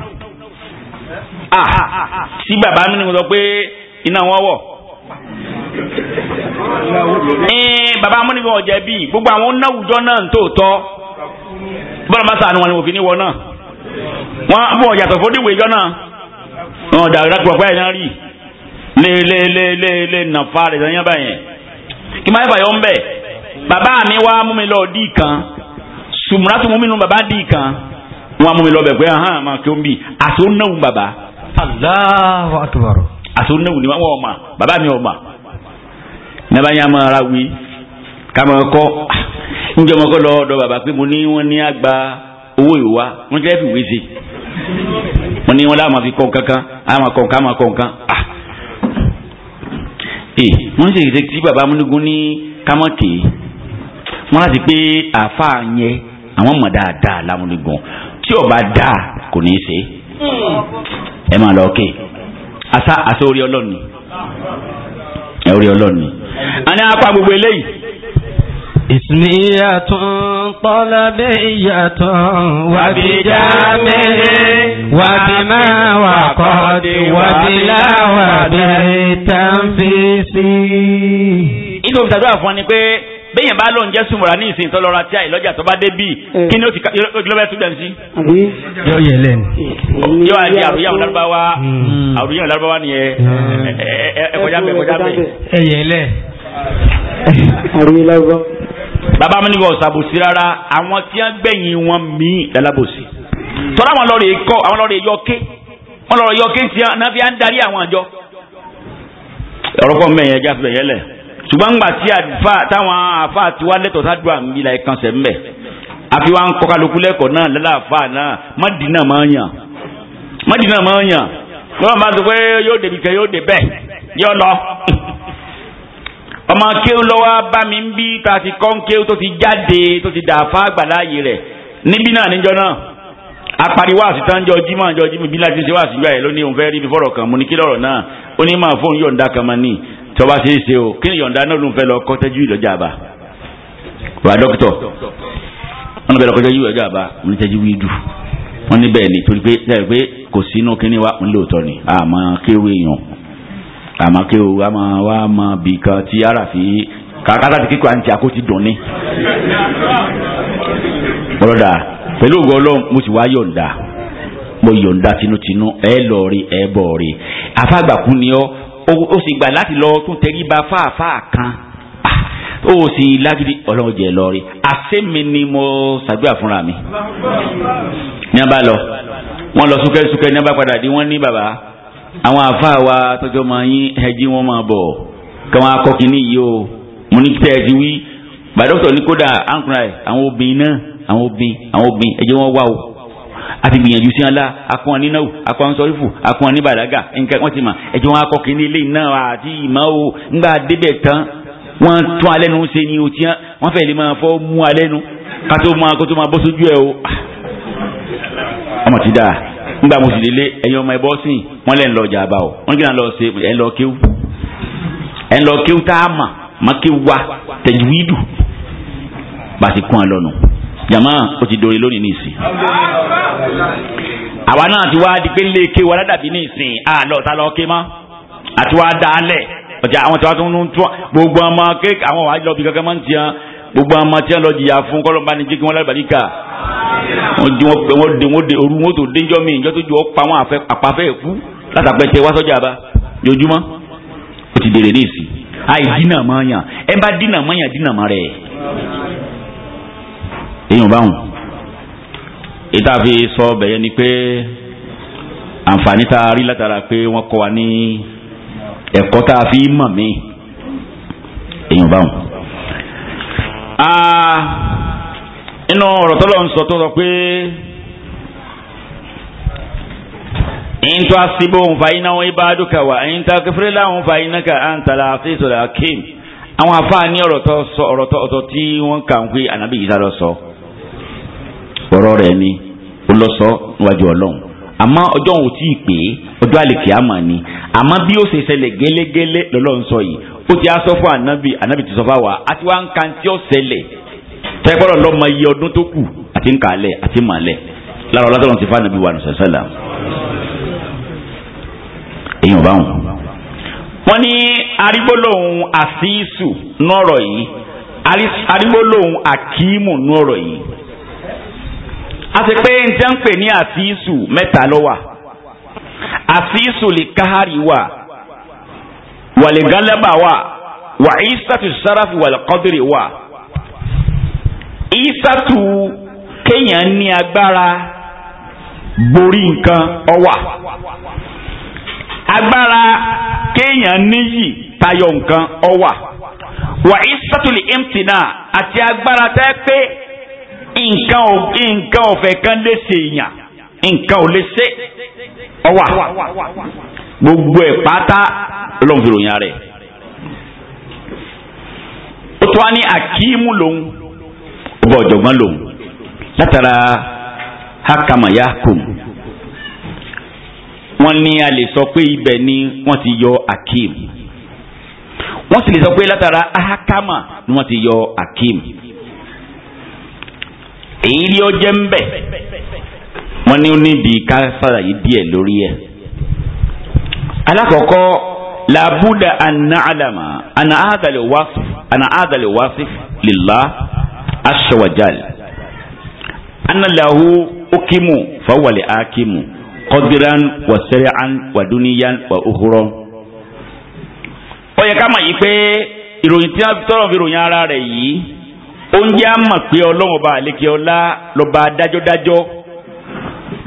Ah, ah, ah, sí bàbá mi ni mo sọ pé iná wọn wọ̀. bàbá mi ni wọn jẹ bíi gbogbo àwọn náwùjọ náà ń tòótọ́ bọ́lá bá sàánú wọn ni òfin ní wọn náà wọn bọ̀ yàtọ̀ fódìwé jọ náà wọn dàgbà pọ̀ pẹ́ ẹ̀ rí lé lé lé lé lé nàfà rẹ̀ sanyẹ́ báyẹn kí máa ń fàyọ̀ ń bẹ̀ bàbá mi wá mú mi lọ dì kan sùmùrà tó mú mi nù bàbá dì kan wọn mú mi lọ bẹ̀ pé hàn máa kí ó ń bì àti ó náwó bàbá. Allahu Akbar. àti ó náwó ni wọn wọ ọmọ bàbá mi ọmọ nàbà yẹn a máa wí ká máa kọ́ njẹ́ ọmọ lọ ọ̀dọ̀ bàbá pé mo ní wọ́n ní àgbà owó ìwà wọ́n jẹ́ fi wí sí mo ní wọ́n láwọn máa fi kọ́ àwọn máa àwọn máa ee wọ́n sì ṣe tí baba amúnigún ní kámọ́kì wọ́n láti pé àáfàá yẹn àwọn mọ̀ dáadáa lámúnigún tí ò bá dáa kò ní í ṣe ẹ máa lọ kè àṣà àṣà orí ọlọ́ọ̀ni ẹ orí ọlọ́ọ̀ni. àní apá gbogbo eléyìí. اسمية طلبية وبجامه وبما وقد وبلا وبالتنفيسي inú òbí tàdúrà fún ọ ni pé béèyàn bá lóun jẹ́ sùmùrà ní ìsìn tó lọ́ra tí àìlọ́jà tó bá dé bíi mm. kí ni ó ti lọ́bẹ̀ tó dẹ̀ sí. yóò yẹ lẹ́nu. yóò wá di àrùyáwó lárúbáwá mm. àrùyáwó lárúbáwá nìyẹn mm. ẹ kọjá bẹ kọjá bẹ. ẹ yẹ lẹ. àrùyáwó lárúbáwá bàbá mi ní kò ṣàbòsí rárá àwọn tí wọ́n gbẹ̀yìn wọn míì lálábòsí tọ́lá àwọn lọ́ọ̀rẹ́ kọ́ àwọn lọ́ọ̀rẹ́ yọké wọ́n lọ́ọ̀rẹ́ yọké tí wọ́n fi ń darí àwọn àjọ. ọ̀rọ̀ pọ̀ mẹ́yẹn ẹja fẹ́ yẹlẹ̀ ṣùgbọ́n ńgbà tí àfa táwọn àfa tiwa lẹ́tọ̀ọ́ sádùá mi la ẹ̀kan sẹ̀ ńbẹ̀ àfi wa ń kọ́ kálukú lẹ́kọ̀ọ́ náà náà mọ́dínà máa ń yàn mọ́dínà máa ń yàn lọ́wọ́ máa sọ pé yóò débi kẹ́ yóò dé bẹ́ẹ̀ yóò ọmọ kéwù lọ́wọ́ bá mi ń bí tá a ti kọ́ ń kéwù tó ti jáde tó ti dàáfà àgbàláyé rẹ̀ níbí náà níjọ náà apariwo àsìtá ń jọ jimá ń jọ jimá bí láti ṣe wá sígbà yẹn lónìí òun fẹ́ rí mi fọ̀rọ̀ kan mo ní kí lọ́rọ̀ náà ó ní máa fóun yọ̀ǹda kan máa ní tí ọba ṣe é ṣe o kí ni yọ̀ǹda náà ló ń fẹ́ lọ kọ́ tẹ́jú àbá wà dókítọ̀ wọn bẹ̀rẹ̀ kọjá yíwọ̀ ẹ̀jọ̀ àbá wọn tẹ́jú wíìdù wọn ní bẹ́ẹ̀ ni torí pé kò sínú kíní wa ńlóòótọ́ ni àmọ́ kéwé yàn àmọ́ kí o wá máa wá máa bì kan tí ara fi kàkàtà ti kíkọ àǹtí àkótí dùn ní. bọ́lọ́dà pẹ̀lú ògo ọlọ́run mo sì wá yọ̀ǹda mo yọ̀ǹda tinútinú ẹ lọ rí ẹ bọ̀ rí àfàgbàkú ni ọ ó sì gbà láti lọ tún tẹríba fáàfáà kan ó ah, sì lágídí ọlọ́run jẹ lọ rí àsẹ́mi ni mo ṣàgbéyà fúnra mi. ní a bá lọ wọ́n lọ súkẹ́súkẹ́ ní a bá padà dé wọ́n ní bàbá àwọn àfa wa tọjọ́ máa yín ẹjí wọn máa bọ̀ káwọn akọ́kínní yìí o mo ní tẹ́ ẹ ti wí bàdọ́tọ̀ ní kódà ankara ẹ̀ àwọn obìnrin náà àwọn obìnrin àwọn obìnrin ẹ̀jẹ̀ wọn wá o àti gbìyànjú sí ọlá akọ́ ní náà akọ́ ní sọ́rífù akọ́ ní bàdágà nǹkan wọ́n ti mà ẹ̀jẹ̀ wọn akọ́kínní ilé náà àti ìmọ̀ o ńgbà débẹ̀ tán wọ́n tún alẹ́ nu ṣe ni o tiẹ́ wọ́n fẹ́ẹ́ lè máa fọ́ mú alẹ́ nu kátó máa kótó máa bọ́ sójú ẹ̀ o ah. ọmọ ti dáa nígbà mo sì délé ẹ̀yin ọmọ ẹ bọ́ sí lẹ́ ń lọ jàmbá o wọn kì í lọ ṣe ẹ̀ ń lọ kéwù ẹ̀ ń lọ kéwù tá a mà má kéwù wa tẹ̀júwìdù bá a ti kún ẹ lọ́nu jàmá o ti dòre lónìí nìsín. àwa náà ti wá di pé lè kéwù aládàbí nìsín a lọ ta lọ ké mọ́ àti wá dá ọjà àwọn tí wàá tún tún gbogbo ọmọ kéèké àwọn wàá lọ bí kankan máa ń tiẹ̀ gbogbo àwọn ọmọ tí wọn lọ jìyà fún kọlọmọba ni jíkí wọn lálùbáríkà wọn di wọn pẹ wọn de wọn de òru wọn tó déjọ mi ìjọ tó ju ọ pa wọn àpàfẹ kú látàpẹtẹ wá sọjà bá jojúmọ́ o ti dèrè ní ìsìn àì dínà mọ yàn ẹ bá dínà mọ yàn dínà mọ rẹ èèyàn báwọn ìta fi sọ bẹyẹ ni pé àǹfààní tá a rí látara pé wọn kọ wa ní ẹ̀kọ́ tá a fi mọ̀ mí èèyàn báwọn. Ah, inú ọ̀rọ̀ tọ́lọ̀ ń sọ tó sọ pé ìntọ́ asibó ń fa iná wọn ibà dúkà wá ìntọ́ kẹfìrí láwọn fa iná ká à ń akim àwọn afáàní ọ̀rọ̀ sọ ọ̀rọ̀ ọ̀tọ̀ tí wọ́n kà ń pé ànábì yìí àmọ́ ọjọ́ òun tí ì pé ọjọ́ àlèkìámà ni àmọ́ bí ó ṣe ṣẹlẹ̀ gẹ́lẹ́gẹ́lẹ́ lọ́lọ́run sọ yìí ó ti á sọ fún ànábì ànábì ti sọ fún àwa àti wá ń ka tí ó ṣẹlẹ̀ tẹ́gbọ́dọ̀ lọ́mọ iye ọdún tó kù àti ń kà á lẹ̀ àti mà á lẹ̀ lára ọlọ́dọ̀rọ̀ ti fún ànábì wa nùsọ̀ sẹ́là. èèyàn bá wọn. wọ́n ní arígbólóhùn àṣìṣù nọ́ọ̀rọ̀ yìí arígbólóhùn àkíìmù nọ́ọ̀rọ̀ yìí a ti pé njẹ́ ń pè ní àfíìsù mẹ́ta ló wà àfíìsù lè káhárì wà wàlẹ̀ gálábà wà wà ìsàtù sáráfì wàlẹ̀ kọ́dìrì wà ìsàtù kéèyàn ní agbára borí nǹkan ọwà agbára kéèyàn níyì tayọ nǹkan ọwà wà ìsàtù lè ẹ̀mtìnà àti agbára tẹ́ pé. nǹkan ò nǹkan ọ̀fẹ́ kan lè ṣe èèyàn nǹkan ò lè ṣe ọwà gbogbo ẹ̀ pátá ọlọ́run fi ròyìn rẹ̀ ó tó wá ní akíímù lòun ọba ọ̀jọ̀gbọ́n lòun látara hakama yakum wọ́n ní a lè sọ pé ibẹ̀ ni wọ́n ti yọ akíímù wọ́n sì lè sọ pé látara hakama ni wọ́n ti yọ akíímù èyí rí ọjẹ́ ń bẹ̀ wọ́n ní ó nídìí ká ṣàlàyé díẹ̀ lórí ẹ̀. alákọ̀ọ́kọ́ làbúdà anáàdàmà anáàdàlẹ̀ wáṣif anáàdàlẹ̀ wáṣif lillah aṣọwàjàl anallahu ukimu fawali akimu qadiran wa sari'an wa duniyan wa ukhra. ó yẹ ká mọ̀ pé ìròyìn tí wọ́n tọrọ fi ròyìn ara rẹ̀ yìí oúnjẹ á mọ̀ pé ọlọ́run ọba àlekè ọlá lọ́ba dájọ́dájọ́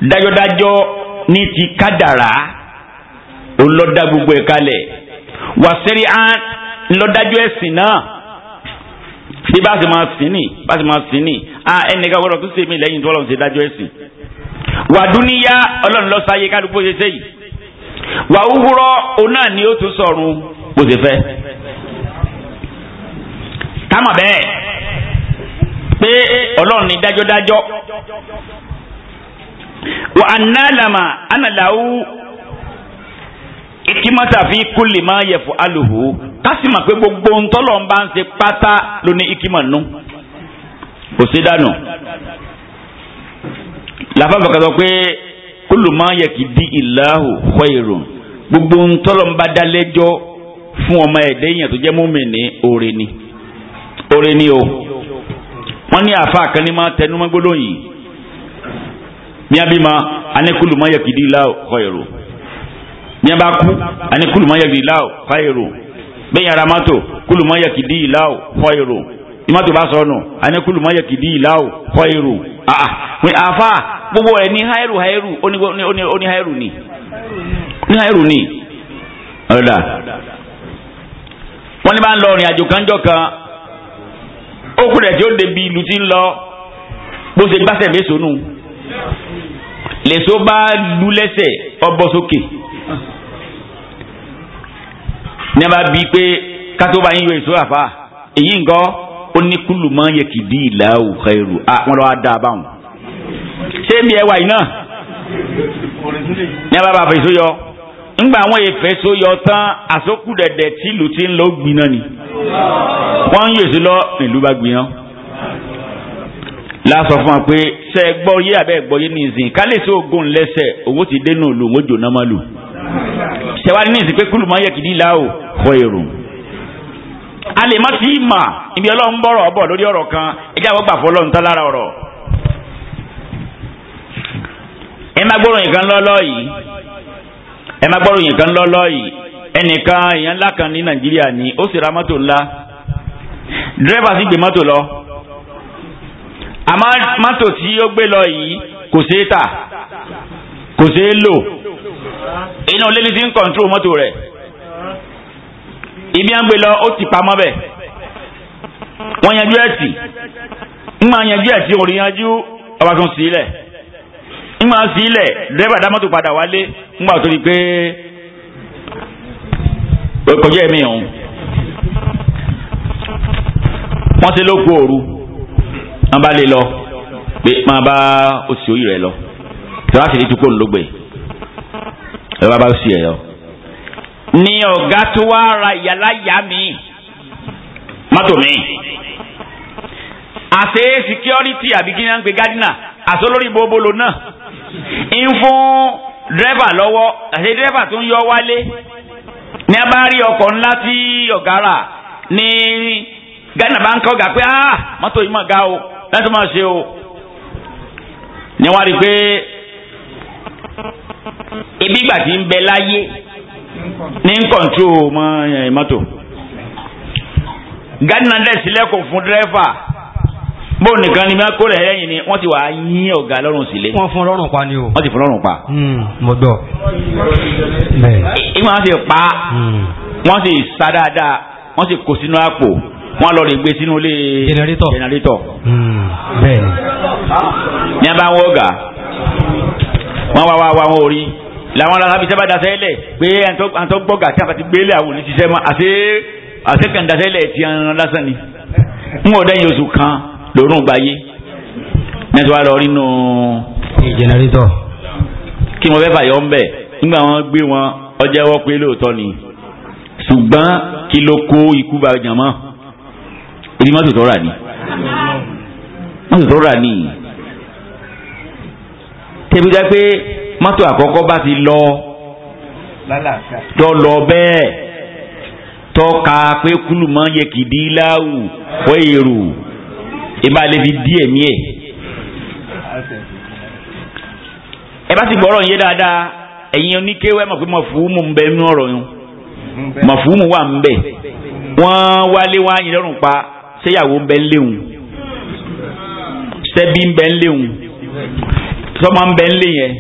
dájọ́dájọ́ ní ti kádàrá olọ́dá gbogbo ẹ̀ kalẹ̀ wàsírí á lọ́dájọ́ ẹ̀sìn náà bí bá ti máa sìn ní bá ti máa sìn ní à ẹnìkan gbọ́dọ̀ tún sèmi lẹ́yìn tó ọlọ́run ṣe dájọ́ ẹ̀sìn wàdúníyá ọlọ́run lọ sáyé kálukú ṣe ṣe yìí wàhúhúrọ́ òun náà ni ó tún sọ̀run bó ṣe fẹ́. kámọ̀ bẹ́ẹ̀ pé ọlọ́run ní dájọ́dájọ́ wa annalama analau ikimata fi kulli ma yẹfu aluhu kásìmà pé gbogbo ntọ́lọ̀ ń bá ń ṣe pátá ló ní ikima nù kò sí dànù làbàbà kan sọ pé kullu ma yẹki di ìlàhù khairun gbogbo ntọ́lọ̀ ń bá dá fún ọmọ ẹ̀dẹ́yìn tó jẹ́ mọ́mìnì òre ni òre ni o wọ́n ní àfa kan ní máa tẹnumọ́ gbólóyìn ní abima anekulu máa yẹkìdí láò kọ èrò ní abá kú anekulu máa yẹkìdí láò kọ èrò bẹ́ẹ̀ yàrá mọ́tò kulu máa yẹkìdí láò kọ èrò ìmọ̀tò bá sọ nù anekulu máa yẹkìdí láò kọ èrò àà pé àfa gbogbo ẹ̀ ní hairu hairu oní hairu ni oní hairu ni ọ̀dà wọ́n ní bá ń lọ ìrìn àjò kanjọ́ kan ó kú rẹ̀ tí ó débi ìlú tí ń lọ bó ṣe gbàṣẹ léṣo nù léṣo bá lu lẹ́sẹ̀ ọbọ sókè ní a bá bi pé kátó bá yín yọ èso àfa èyí nǹkan ó ní kúlù mọ́ yẹ kì í di ìlà òkè èrò àwọn lọ́wọ́ á dá a báwọn ṣé mi ẹ wà yìí náà ní a bá bá fèsò yọ ńgbà àwọn èèfẹ́ tó yọ tán àsókù dẹ̀dẹ̀ tí ìlú ti ń lọ gbiná ni wọ́n ń yèsí lọ ìlú bá gbiná. lásọ fún wa pé ṣe é gbọ́ yé àbẹ́ gbọ́ yé ní ìsìn kálíṣe ogun lẹ́sẹ̀ owó ti dénú òlu òun ó jò náà má lù. ṣẹ̀wá ní ìsìn pé kúlù máa yẹ kìdí ìlà o fọ èrò. a lè má sí ìmà ibi ọlọ́run bọ̀rọ̀ ọbọ̀ lórí ọ̀rọ̀ kan ẹjẹ́ àwọn gbà fọlọ́run tán lára ọ̀rọ̀. ẹ má gbọ́rọ̀ nǹkan lọ́lọ́ yìí ẹ má gbọ́rọ̀ yìí kan lọ́lọ́ yìí ẹnìkan èèyàn ńlá kan ní nàìjíríà ni ó sì ra mọ́tò ńlá dírẹ́fà sì gbé mọ́tò lọ àmọ́ mọ́tò tí ó gbé lọ yìí kò ṣeé tà kò ṣeé lò iná olé ní ti ń kọ̀ǹtró mọ́tò rẹ̀ ibi à ń gbé lọ ó ti pamọ́ bẹ̀ wọ́n yanjú ẹ̀ tì ń máa yanjú ẹ̀ tì òrìyanjú ọba kan sílẹ̀ ń máa fi ilẹ̀ dẹ́rẹ́bà dámọ́tò padà wálé ń gbà tó di pé kọjá ẹ̀mí ọ̀hún wọ́n ti lóko òru wọ́n bá lè lọ pé máa bá oṣù oyè rẹ̀ lọ tí wọ́n á sì lè tukọ̀ ńlọgbẹ ẹ̀ bá bá oṣù yẹ̀ lọ. ni ọ̀gá tó wá ra ìyàláyà mi mọ́tò mi àṣẹ security àbí kí ni wọ́n ń pe gardiner àṣọ lórí bóbolo náà ń fún dírẹ́bà lọ́wọ́ àti dírẹ́bà tó ń yọ wálé ní a bá rí ọkọ̀ ńlá tí ọ̀gá rà ní ghana bá ń kọ́ ọ̀gá pé ah mọ́tò yìí ga o ṣe o ni wọ́n rí i pé ibi ìgbà tí ń bẹ láyé ní eh, mọ́tò ghana dẹ̀ sílẹ̀ kò fún dírẹ́fà. bóun nìkan ni bá kó rẹ̀ lẹ́yìn ni wọ́n ti wà á yín ọ̀gá lọ́rùn sílé. wọ́n fún lọ́rùn pa ni o. wọ́n ti fún lọ́rùn pa. Hmm, mo gbọ́. ìwọ̀n ti pa hmm. wọ́n sì sá dáadáa wọ́n sì kó sínú àpò wọ́n lọ rè gbé sínú ilé. jẹnẹrétọ̀ jẹnẹrétọ̀. Hmm, bẹ́ẹ̀ni. ní a bá ń wọ ọ̀gá wọ́n wá wá wá wọn orí làwọn ará fi sábà dasẹ́ lẹ̀ pé àtọ́ gbọ́gà tí a bá ti gbélé àwọn oníṣiṣẹ́ mọ́ àti àti kàndasẹ́ lẹ̀ ti hàn lásán ni n ò dẹ́yìn oṣù kan lòórùn gbayé nẹ́ẹ̀tì wá lọ nínú. jẹnẹrétọ̀. kí wọ́n fẹ́ fàyọ̀ ń bẹ̀ nígbà wọn gbé wọn ọjọ́ ẹwọ́ pé lóòótọ́ ni ṣùgbọ́n kí ló kó ikú bá jàmọ́ èyí mọ́tò tó rà ní mọ́tò tó rà ní tẹ́bí pé mọ́tò àkọ́kọ́ bá ti lọ tọ́ lọ bẹ́ẹ̀ tọ́ka pé kúlù yẹ kìdí láwù fọ́ èrò ìbá lè fi díẹ̀ mí ẹ̀. ẹ bá ti gbọ́ ọ̀rọ̀ yẹn dáadáa ẹ̀yin oníkéwẹ́ mọ̀ pé mọ̀fúùmù ń bẹ nínú ọ̀rọ̀ yẹn mọ̀fúùmù wà ń bẹ wọ́n wálé wá yín pa ṣéyàwó ń bẹ ń léwu ṣẹ́bí ń bẹ ń léwu sọ́mọ ń bẹ ń lé yẹn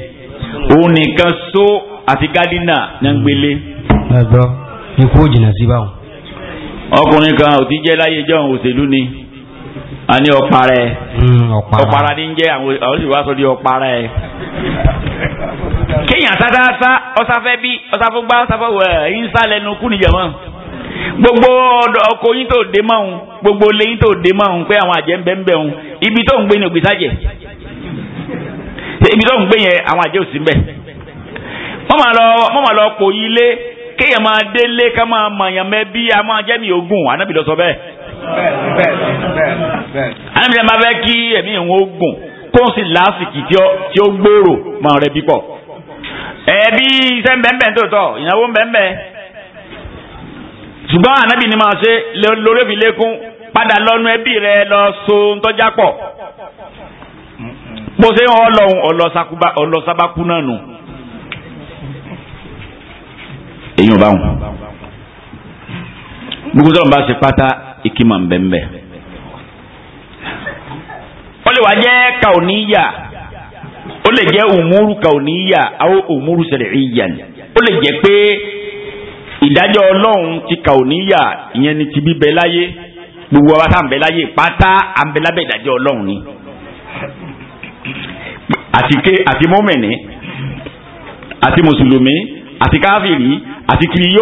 òun nìkan só àti gádínà ní ń gbélé. ẹ gbọ́ ikú òjìnà sí báwọn. ọkùnrin kan ò ti jẹ́ láyé jọ́hún òṣèlú ni a ní ọ̀para ẹ̀ ọ̀para ní ń jẹ́ àwọn olùwà sọ ní ọ̀para ẹ̀. kéèyàn sátáátá ọ̀sáfẹ́ bí ọ̀sáfẹ́ gbá ọ̀sáfẹ́ wẹ̀ ẹ̀ ń sálẹ̀ nu kú nìjẹ̀mọ́ gbogbo ọkọ yín tó dé mọ́ òun gbogbo ilé tó dé mọ́ òun pé àwọn àjẹ́ ń bẹ́ ń bẹ́ òun ibi tó ń gbé ni ògbésà jẹ́ ibi tó ń gbé yẹn àwọn àjẹ́ ò sí mbẹ́ wọ́n máa lọ pò yí lé kéèyàn máa délé ká máa mọ̀yàn ànábì sẹ́ni bá fẹ́ kí ẹ̀mí ìwọ̀n ogun kó ń sì lásìkò tí ó gbòòrò mọ̀ rẹ̀ bí pọ̀ ẹ̀bí iṣẹ́ bẹ́ẹ̀ tó tọ̀ ìnáwó bẹ́ẹ̀ ṣùgbọ́n ànábì ni máa ṣe lórí òbí lékún padà lọ́nu ẹbí rẹ lọ so ntọ́já pọ̀ bó ṣe ń ọlọ́run ọlọ́sàbákú náà nù èyí ò bá wọn gbogbo sọ̀rọ̀ bá ṣe pátá ìkímà ń bẹ waje kaunia, ó lè umuru kaunia au umuru shar'iyya ó lè jẹ́ pé ìdájọ́ ti kauniya ìyẹn ni ti bíbẹ láyé gbogbo wa tá à ń bẹ láyé pátá à ń bẹ lábẹ́ ìdájọ́ ọlọ́run ni àti ké àti mọ́mẹ̀nì àti ati àti ati àti ati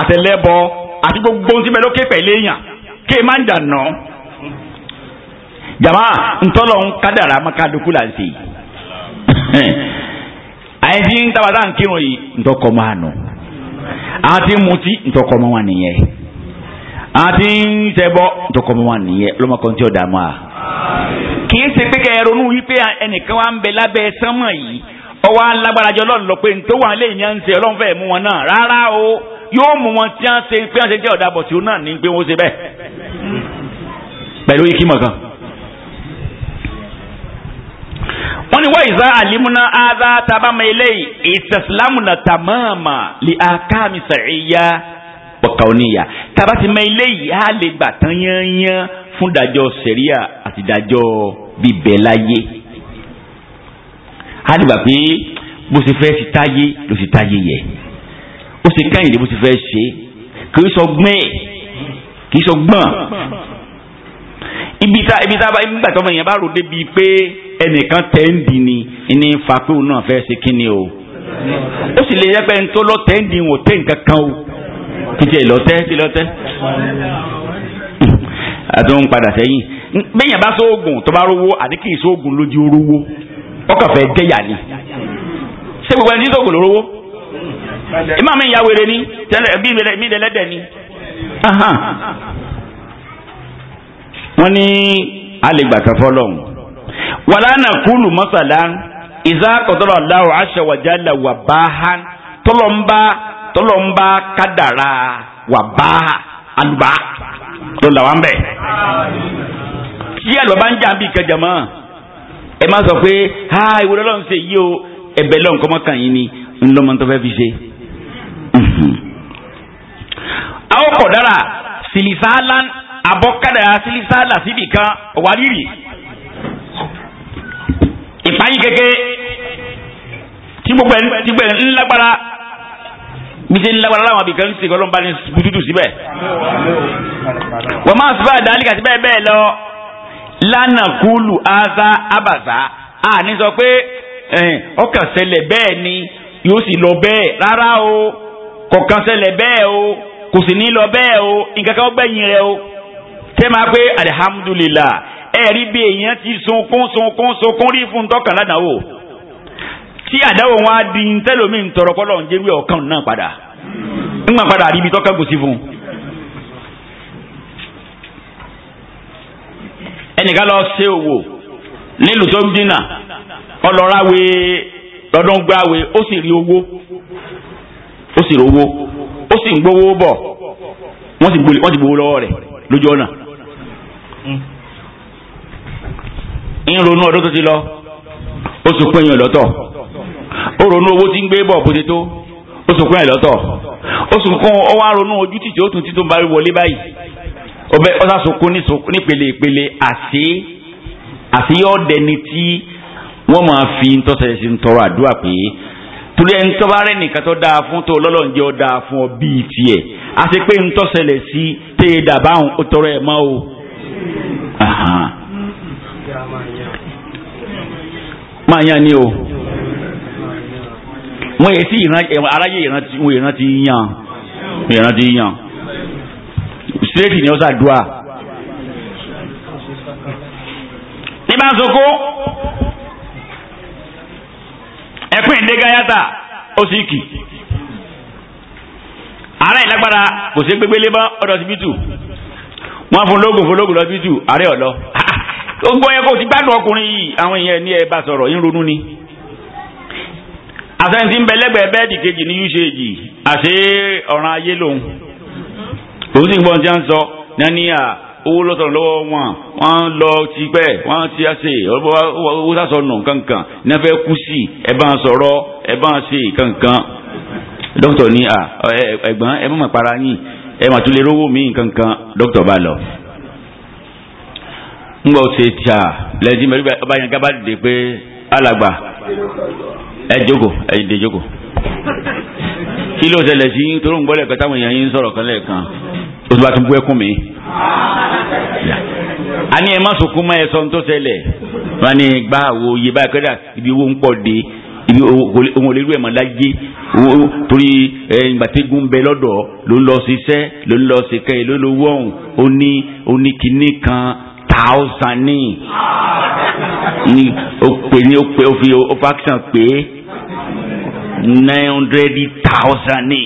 àtẹlẹ́bọ àti gbogbo ohun tí bẹ lókè pẹ̀lú ké má dànù jama ntọ́lọ̀ ń kádàrà má ká dúkú là ń sè [laughs] àyìn tí ń tabata ń kírun yìí ntọ́kọ máa nù àwọn tí ń mutí ntọ́kọ máa wà nìyẹn àwọn tí ń ṣẹbọ ntọ́kọ máa wà nìyẹn lọ́mọkàn tí ó dààmú à. kì í ṣe wa ń bẹ lábẹ́ sánmọ̀ yìí ọwọ́ alágbára jọ lọ́nà lọ pé ntọ́wọ́ alẹ́ wọn náà rárá o yóò mú wọn tí wọ́n ṣe pé wọ́n ṣe jẹ́ ọ̀dà bọ̀ tí ó náà ní pé wọ́n ṣe bẹ́ẹ̀ pẹ̀lú ikí mọ̀kan. wọ́n ní wọ́n ìzá àlímúná ádá tábàmọ́ ilé ìtẹ̀sílámùnà tàmáàmà lè àkàmì sàríyá wọ̀kàwọ́níyà tábàtìmọ́ ilé yìí á lè gbà tán yányán fún ìdájọ́ sẹ̀ríyà àti ìdájọ́ bíbẹ̀ láyé. á dìgbà pé bó ṣe fẹ́ sí táyé ló sì táyé yẹ ó ṣe kẹ́yìn ní bó ti fẹ́ ṣe kì í sọ gbẹ́ kì í sọ gbọ́n ibi tá ibi tá nígbà tí ọmọ yẹn bá rò débi pé ẹnìkan tẹ́ǹdì ni ní fapé òun náà fẹ́ ṣe kí ni o ó sì lè yẹ pé ń tó lọ tẹ́ǹdì wọn tẹ́ nǹkan kan o títí ẹ̀ lọ́tẹ́ kí lọ́tẹ́ àti òun padà sẹ́yìn bẹ́yìn bá sóògùn tó bá rówó àti kì í sóògùn lójú orówó ọkàn fẹ́ jẹ́yà ni ṣé gbogbo ẹni tí sóògùn lórówó ìmọ̀ mi ìyá wèrè ni tẹ́lẹ̀ bí mi lẹ́lẹ́dẹ̀ ni. wọ́n ní alẹ́ gbàtà fọlọ́hún wàlánà kúlù mọ́sálá ìzá kọ̀tọ́lọ̀ aláwọ̀ aṣàwàjálà wà bá hán tọ́lọ́mbà tọ́lọ́mbà kádàrà wà bá alùbá tó là wà ń bẹ̀. tí àlùbá ń jà bí kẹjọ mọ́ ẹ má sọ pé ha ìwúrọ̀ lọ́n ṣe yí o ẹ̀bẹ̀ lọ́n kọ́mọ́kàn yín ni ńlọmọ fi ṣe àwọn kọ̀dára sìlìsáàlà abọ́kádàrà sìlìsáàlà síbì kan wàrírì ìpáyín kéke tí gbogbo ẹ̀ tí gbogbo ẹ̀ ńlágbára bí ṣe ńlágbára láwọn abìkan ń sèkọ́ lọ́nba ní bututu síbẹ̀ wọ́n máa ń sọ́ba àdáálì kàti bẹ́ẹ̀ bẹ́ẹ̀ lọ lánàá kúlù áza àbàzà àní sọ pé ọkàn ṣẹlẹ̀ bẹ́ẹ̀ ni yóò sì lọ bẹ́ẹ̀ rárá o kọ̀kan ṣẹlẹ̀ bẹ́ẹ̀ o kò sì ní lọ bẹ́ẹ̀ o nǹkan kan gbẹ̀yìn rẹ o tẹ́ máa pé alihamudulilah ẹ̀rí bí èèyàn ti sunkún sunkún sunkún rí fún tọkàn ládàáwò tí àdáwò wọn á di ntẹ́lómi ntọ̀rọ̀ kọ́lọ̀ ń jẹ́wé ọ̀kan náà padà ńgbà padà àríbi tọ́kàn kò sí fún ẹnìkan lọ ṣe òwò nílùú tó ń dínà ọlọ́ra we lọ́dún gbáwe ó sì rí owó ó sì rówó ó sì ń gbówó bọ̀ wọ́n sì gbowó lọ́wọ́ rẹ̀ lójú ọ̀nà. ń ronú ọdún tó ti lọ ó sì pín lọ́tọ̀ ó ronú owó tí ń gbé bọ̀ bó ti tó ó sì pín lọ́tọ̀ ó sì kún wá ronú ojú tìjì ó tún ti tó ń bá wọlé báyìí ọbẹ̀ ọ̀sà sunkún nípele ìpele àti àti yọ̀ọ́dẹni tí wọ́n máa fi ń tọ́sẹ̀ sí ń tọrọ àdúrà pé torí ẹni tó bá rẹ̀ nìkan tó dáa fún tó lọ́lọ́run jẹ́ ó dáa fún ọ bíi tiẹ̀ àti pé ń tọ́sẹ̀lẹ̀ sí tẹ́ ẹ dàbáhùn ó tọrọ ẹ̀ mọ́ o. máa yan ni o wọ́n yẹ sí aráyé ìrántí wọ́n ìrántí yan ìrántí yan straight ni ó ṣàdúrà. ní bá ń sọ kó. ẹ̀pín ìdégayáta ó sì kì ààrẹ ìlágbára kò sí gbégbélé mọ́ ọ̀dọ̀ síbítù wọ́n fún lóògùn fún lóògùn lọ síbítù ààrẹ ọ̀lọ́ gbogbo ẹ̀ kò ti gbádùn ọkùnrin yìí àwọn èèyàn ní ẹ bá sọ̀rọ̀ ronú ni ń bẹ kejì owó lọ́tọ̀ lọ́wọ́ wọn wọ́n lọ ti pẹ́ wọ́n ti ṣe owó sàṣọnù kankan ní wọ́n fẹ́ kú sí ẹ bá ń sọ̀rọ̀ ẹ bá ń ṣe kankan dókítà ní ẹ̀gbọ́n ẹ má mà para yín ẹ mà tún lè rówó mi kankan dókítà bá lọ. ń gbọ́ ṣe tà lẹ́yìn mẹ́rin ọba yẹn gábà dìde pé alàgbà ẹ jókòó ẹ dìde jókòó kí ló ṣẹlẹ̀ sí torí ń gbọ́ lẹ́ẹ̀kan ń sọ̀rọ̀ kan lẹ́ẹ̀kan o tó bá tún bú ẹkún mi. a ní ẹ má sunkún mọ́ ẹ sọ tó ṣẹlẹ̀ wọ́n ní gbá àwo iye báyìí kọ́dà ibi owó ń pọ̀ dé ibi òun ò lè rú ẹ̀ mọ́ láyé torí ìgbàtẹ́gùn ń bẹ lọ́dọ̀ ló ń lọ ṣiṣẹ́ ló ń lọ ṣèkẹ́ ẹ̀ ló ló wọ̀hún ó ní ó ní kinní kan thousand ní ní pè ní ó pè ó fi ó faction pé nine hundred thousand ní.